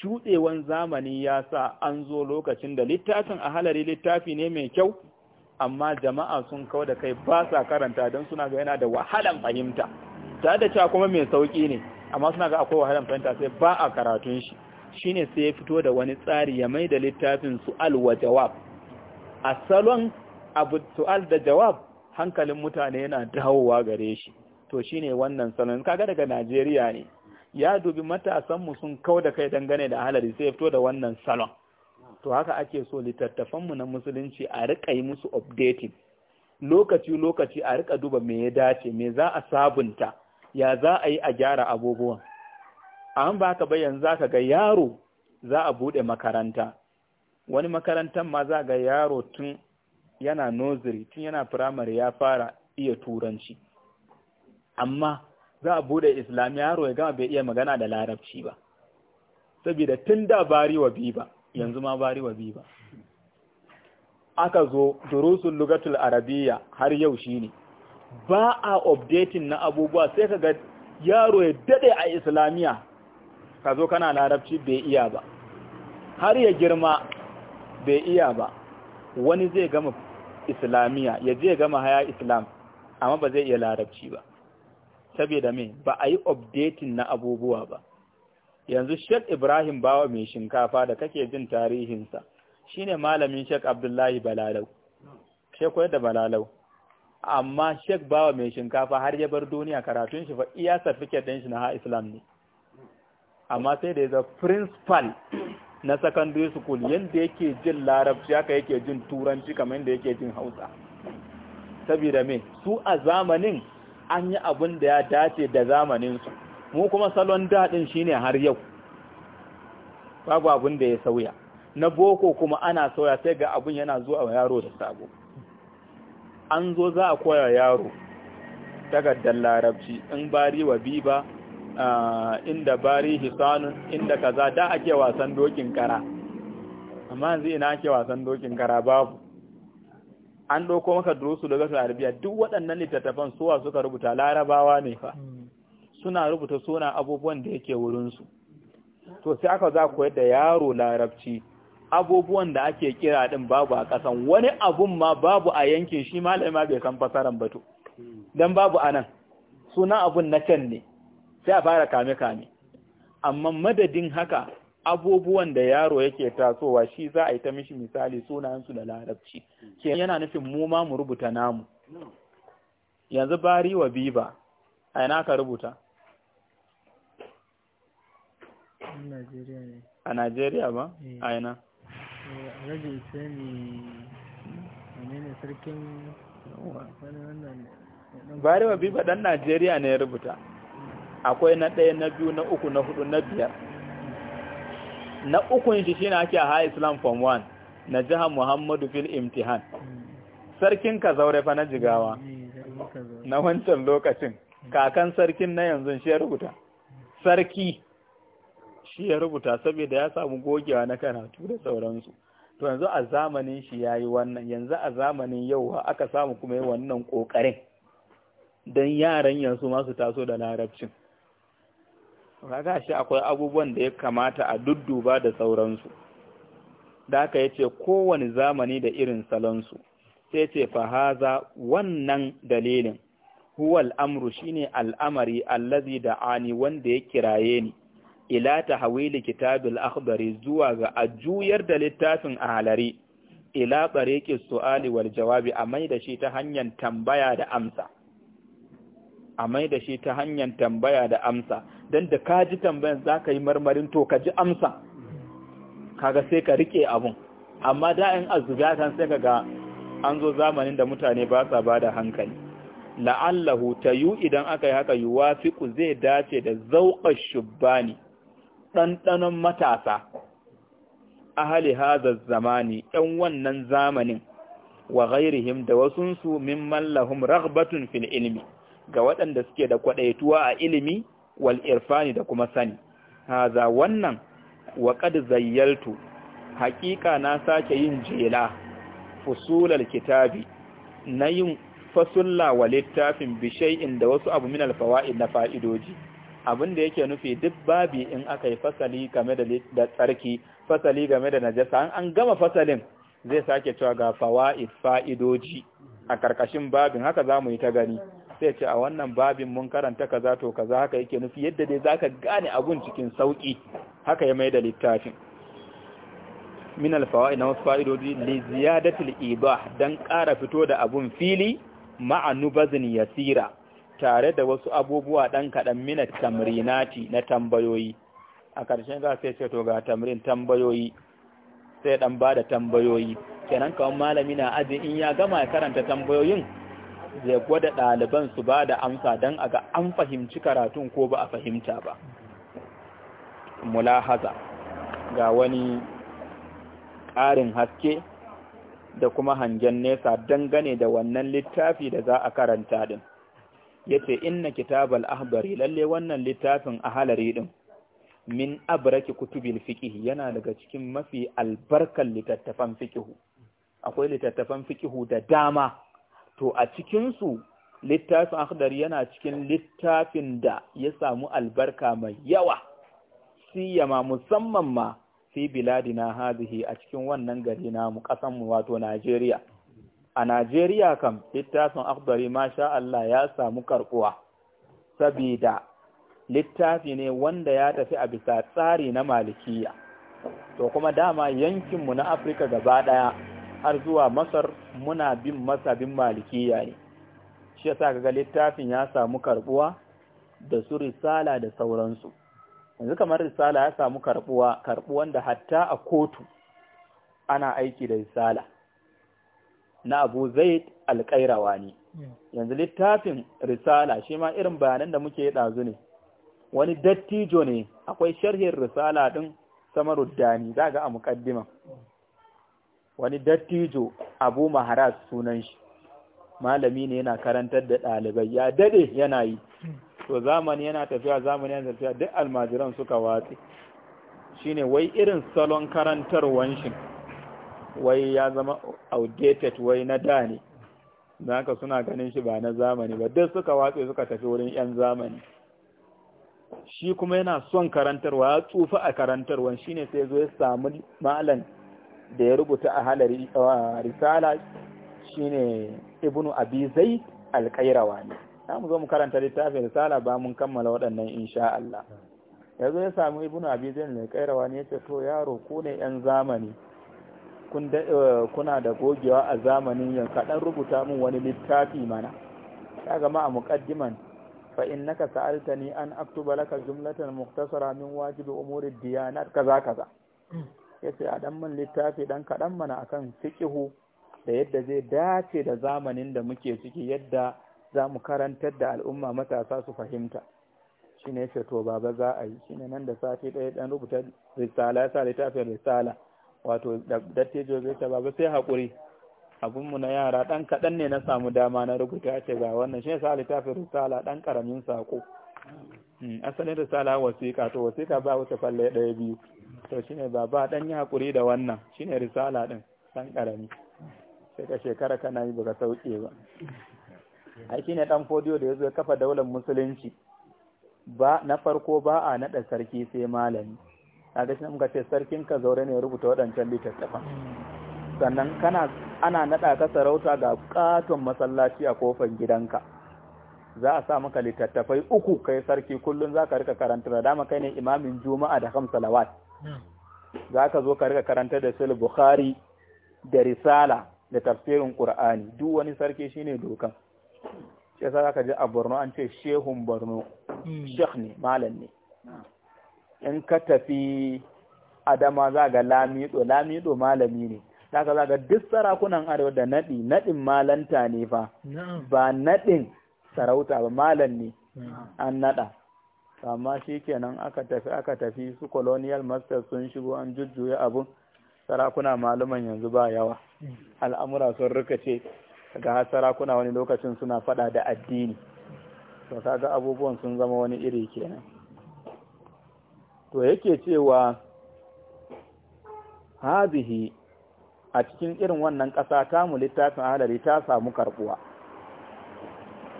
shuɗewan zamani ya sa an zo lokacin da littafin a halari littafi ne mai kyau amma jama'a sun kawo da kai ba sa karanta don suna ga yana da wahalan fahimta ta da cewa kuma mai sauki ne amma suna ga akwai wahalan fahimta sai ba a karatun shi shine sai ya fito da wani tsari ya mai da littafin su'al wa jawab a salon abu su'al da jawab hankalin mutane yana dawowa gare shi to shine wannan salon kaga daga Najeriya ne ya dubi matasanmu mu sun kau da kai dangane da halari sai fito da wannan salon to haka ake so littattafan mu na musulunci a rika yi musu updating lokaci lokaci a rika duba me ya dace me za a sabunta ya za a yi a gyara abubuwan an ba ka bayan za ka ga yaro za a bude makaranta wani makarantar ma za ga yaro tun yana nursery tun yana primary ya fara iya turanci amma za a bude islam yaro ya gama bai iya magana da larabci ba saboda tun da bari wa biba yanzu ma bari wa biba aka zo durusul lugatul arabiya har yau shine ba a updating na abubuwa sai kaga yaro ya dade a islamiya ka zo kana larabci bai iya ba har ya girma bai iya ba wani zai gama islamiyya ya je gama haya islam amma ba zai iya larabci ba saboda me ba a yi updating na abubuwa ba yanzu Sheikh Ibrahim Bawa mai shinkafa da kake jin tarihinsa shine malamin Sheikh Abdullahi Balalau Sheikh da Balalau amma shek Bawa mai shinkafa har ya bar duniya karatun shi fa iya certificate din shi na Islam ne amma sai da ya principal na secondary school yadda yake jin larabci haka yake jin turanci kamar yadda yake jin hausa saboda me su a zamanin an yi abin da ya dace da zamanin su mu kuma salon daɗin shine har yau babu abin da ya sauya na boko kuma ana sauya sai ga abin yana zuwa yaro da sabo an zo za a koya yaro gaddan larabci in bari wa biba inda bari hisanun inda kaza da ake wasan dokin kara amma yanzu ina ake wasan dokin kara babu an doko maka durusu daga su duk waɗannan littattafan suwa suka rubuta larabawa ne fa hmm. suna rubuta suna abubuwan da yake wurinsu to sai aka za ku yadda yaro larabci abubuwan da ake kira din babu a kasan. wani abun ma babu a yankin shi malami ma bai san fasaran ba to hmm. dan babu anan sunan abun na can ne sai a fara kame-kame amma madadin haka abubuwan da yaro yake tasowa shi za a yi ta mishi misali sunayensu da larabci ke yana nufin mu ma mu rubuta namu yanzu bari wa biba a yana ka rubuta a najeriya ba a yana ne sarkin wani wannan bari wa biba dan najeriya ne ya rubuta akwai na ɗaya na biyu na uku na hudu na biyar na ukun shi na ake a high islam form 1 na jihar muhammadu fil imtihan sarkin ka zaure fa na jigawa na wancan lokacin kakan sarkin na yanzu shi ya rubuta sarki shi ya rubuta saboda ya samu gogewa na karatu da sauransu to yanzu a zamanin shi ya yi wannan yanzu a zamanin yau aka samu kuma yi wannan ƙoƙarin don yaran yanzu masu taso da larabcin kaga shi akwai abubuwan da ya kamata a dudduba da sauransu da aka yace kowane zamani da irin salonsu sai ce fahaza wannan dalilin huwal amru shine al'amari allazi da ani wanda ya kiraye ni ila ta tahwili kitabil akhbari zuwa ga ajuyar da littafin a halari ila tariqis su'ali wal jawabi a mai da ta hanyar a mai da shi ta hanyar tambaya da amsa don da ka ji tambayan za ka yi marmarin to ka ji amsa kaga sai ka rike abun amma da'in zubatan sai kaga an zo zamanin da mutane ba sa ba da hankali la'allahu ta yu idan aka yi haka yuwa fiku zai dace da zauƙar shubbani ɗanɗanon matasa ahali hazar zamani ɗan wannan zamanin wa ghairihim da wasunsu min mallahum ragbatun fil ilmi ga waɗanda suke da kwaɗaituwa a ilimi wal irfani da kuma sani haza wannan wa qad zayyaltu haqiqa na sake yin jela fusulal kitabi na yin fasulla wa littafin shay'in da wasu abu min fawaid na fa'idoji abin da yake nufi duk babi in aka yi fasali game da tsarki fasali game da najasa an gama fasalin zai sake cewa ga fawa'id fa'idoji a karkashin babin haka zamu yi ta gani sai ce a wannan babin mun karanta kaza to kaza haka yake nufi yadda dai zaka gane abun cikin sauki haka ya mai da littafin min alfawaid na wasu fa'idodi li ziyadatil ibah dan ƙara fito da abun fili ma'a nubazin yasira tare da wasu abubuwa dan kadan min tamrinati na tambayoyi a ƙarshen za sai ce to ga tamrin tambayoyi sai dan bada tambayoyi kenan kawai malami na aji in ya gama ya karanta tambayoyin Zai gwada ɗaliban su ba da amsa don a ga an fahimci karatun ko ba a fahimta ba mulahaza ga wani ƙarin haske da kuma hangen nesa dangane da wannan littafi da za a karanta din yace inna kitabal ahbari lalle wannan littafin a ahalari din min abraki kutubil fikihi yana daga cikin mafi albarkar littattafan fikihu. akwai littattafan fikihu da dama to a cikinsu littafin akhdar yana cikin littafin da ya samu albarka mai yawa siyama musamman ma fi biladina hazihi a cikin wannan gari na mu wato Najeriya a Najeriya kam littafin ma masha Allah ya samu karbuwa sabida littafi ne wanda ya tafi a bisa tsari na malikiya to kuma dama yankinmu na Afirka gaba daya har zuwa masar muna bin masabin malikiya ne shi yasa kaga littafin ya samu karbuwa da su risala da sauransu yanzu kamar risala ya samu karbuwa karbuwan da hatta a kotu ana aiki da risala na Abu Zaid Al-Qairawani yanzu littafin risala shi ma irin bayanan da muke dazu ne wani dattijo ne akwai sharhin risala din Samaruddani za a muqaddima wani dattijo abu maharas sunan shi malami ne yana karantar da ɗalibai ya dade yana yi to zamani yana tafiya zamani yana tafiya duk almajiran suka watsi shine wai irin salon karantarwan shi wai ya zama outdated wai na da ne haka suna ganin shi ba na zamani ba duk suka watsi suka tafi wurin yan zamani shi kuma yana son karantarwa ya tsufa a karantarwan shine sai zo ya samu malam da ya rubuta a halar risala shine ibnu abi zaid ne za mu zo mu karanta littafin risala ba mun kammala waɗannan insha Allah yanzu ya samu ibnu abi zaid al-qairawa ne yace to yaro ku ne yan zamani kun da eh, kuna da gogewa a zamanin yan kaɗan rubuta mun wani littafi mana ya gama a muqaddiman fa innaka sa'altani an aktuba laka jumlatan muktasara min wajibi umuri diyanat kaza kaza mm. ya ce a ɗan man littafi ɗan kaɗan mana akan fiƙihu da yadda zai dace da zamanin da muke ciki yadda za mu karantar da al'umma matasa su fahimta shi ne ce to baba za a yi shi ne nan da sati ɗaya ɗan rubuta risala ya sa littafin risala wato dattijo zai ce baba sai haƙuri abinmu na yara ɗan kaɗan ne na samu dama na rubuta ce ga wannan shi ne sa littafin risala ɗan ƙaramin saƙo hmm, asalin risala wasiƙa to wasiƙa ba wuce falle ɗaya biyu to shi ne baba ɗan yi hakuri da wannan shi ne risala ɗin, dan ƙarami sai ka shekara kana yi baka sauke ba Aiki ne dan fodiyo da ya zo kafa daular musulunci ba na farko ba a naɗa sarki sai malami ga shi muka ce sarkin ka zaure ne rubuta waɗancan littattafan sannan kana ana naɗa ka sarauta ga katon masallaci a kofar gidanka za a sa maka littattafai uku kai sarki za zaka rika karanta da dama kai ne imamin juma'a da kam salawat za ka zo ka rika karanta da sul bukhari da risala da tafsirin qur'ani duk wani sarki shine dokan sai za ka ji a borno an ce shehun borno hmm. shekh ne malam ne in ka tafi adama za ga lamido lamido malami ne za ka za ga duk sarakunan arewa da naɗi naɗin malanta ne fa ba naɗin sarauta ba malam ne an naɗa amma shi kenan aka tafi aka tafi su colonial masters sun shigo an jujjuya abun sarakuna maluman yanzu ba yawa al'amura sun rikace ga har sarakuna wani lokacin suna fada da addini to kaga abubuwan sun zama wani iri kenan to yake cewa hazihi a cikin irin wannan ƙasa tamu littafin halari ta samu karbuwa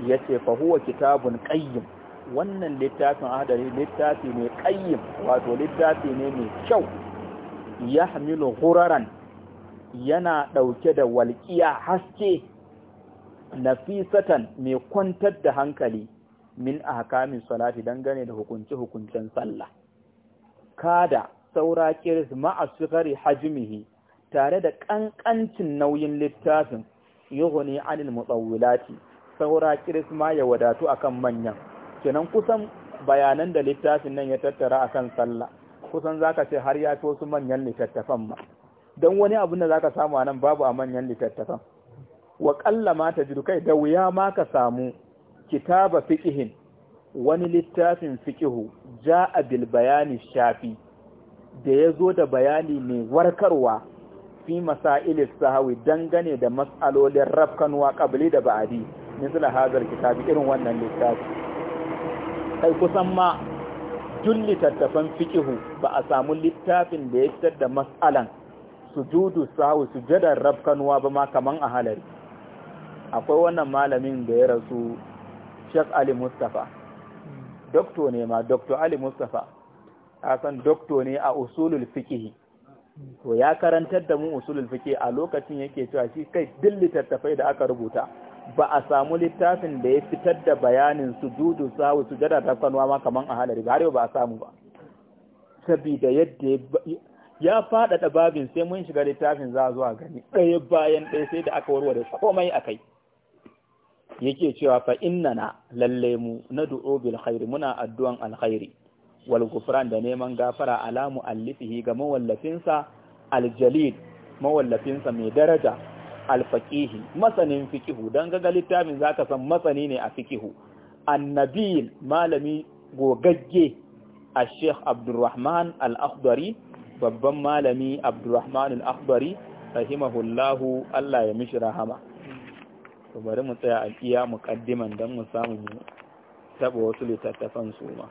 yace fa huwa kitabun qayyim wannan littafin hadari littafi ne ƙayyim wato littafi ne mai kyau ya hamilu huraran yana ɗauke da walƙiya haske nafisatan mai kwantar da hankali min ahkamin salati dangane da hukunce-hukuncen sallah kada saura kiris ma'asukari hajimihi tare da ƙanƙancin nauyin littafin yughni anil mutawwilati saura kiris ma ya wadatu akan manyan kenan kusan bayanan da littafin nan ya tattara akan sallah kusan zaka ce har ya fi wasu manyan littattafan ma don wani abin da zaka samu a nan babu a manyan littattafan wa ma ta jiru kai da wuya ma ka samu kitaba fiƙihin wani littafin fiƙihu ja bil bayani shafi da ya zo da bayani mai warkarwa fi masailis sahawi dangane da matsalolin rafkanwa qabli da ba'adi misali hazar kitabi irin wannan littafi kai kusan ma duk littattafan fikihu ba a samu littafin da ya fitar da matsalan sujudu sahu sujadar rabkanuwa ba ma kaman a halari akwai wannan malamin da ya rasu Sheikh Ali Mustafa dokto ne ma dokto Ali Mustafa a san dokto ne a usulul fikihi to ya karantar da mu usulul fikihi a lokacin yake cewa shi kai duk littattafai da aka rubuta ba a samu littafin da ya fitar da bayanin sujudu sahu sujada ta kwanwa ma kaman a halari har yau ba a samu ba Sabida yadda ya faɗaɗa babin sai mun shiga littafin za zuwa gani ɗaya bayan ɗaya sai da aka warware komai a kai yake cewa fa na lalle mu na du'o bil khairi muna addu'an alkhairi wal gufran da neman gafara alamu allifihi ga mawallafinsa aljalil mawallafinsa mai daraja alfaƙihi masanin fikihu don gaga littafin za ka san masani ne a fikihu annabiyin malami gogagge a sheikh abdurrahman al'akhdari babban malami abdurrahman al'akhdari rahimahullahu Allah ya mishi rahama to bari mu tsaya a iya muƙaddiman don mu samu taɓa wasu littattafan su ma.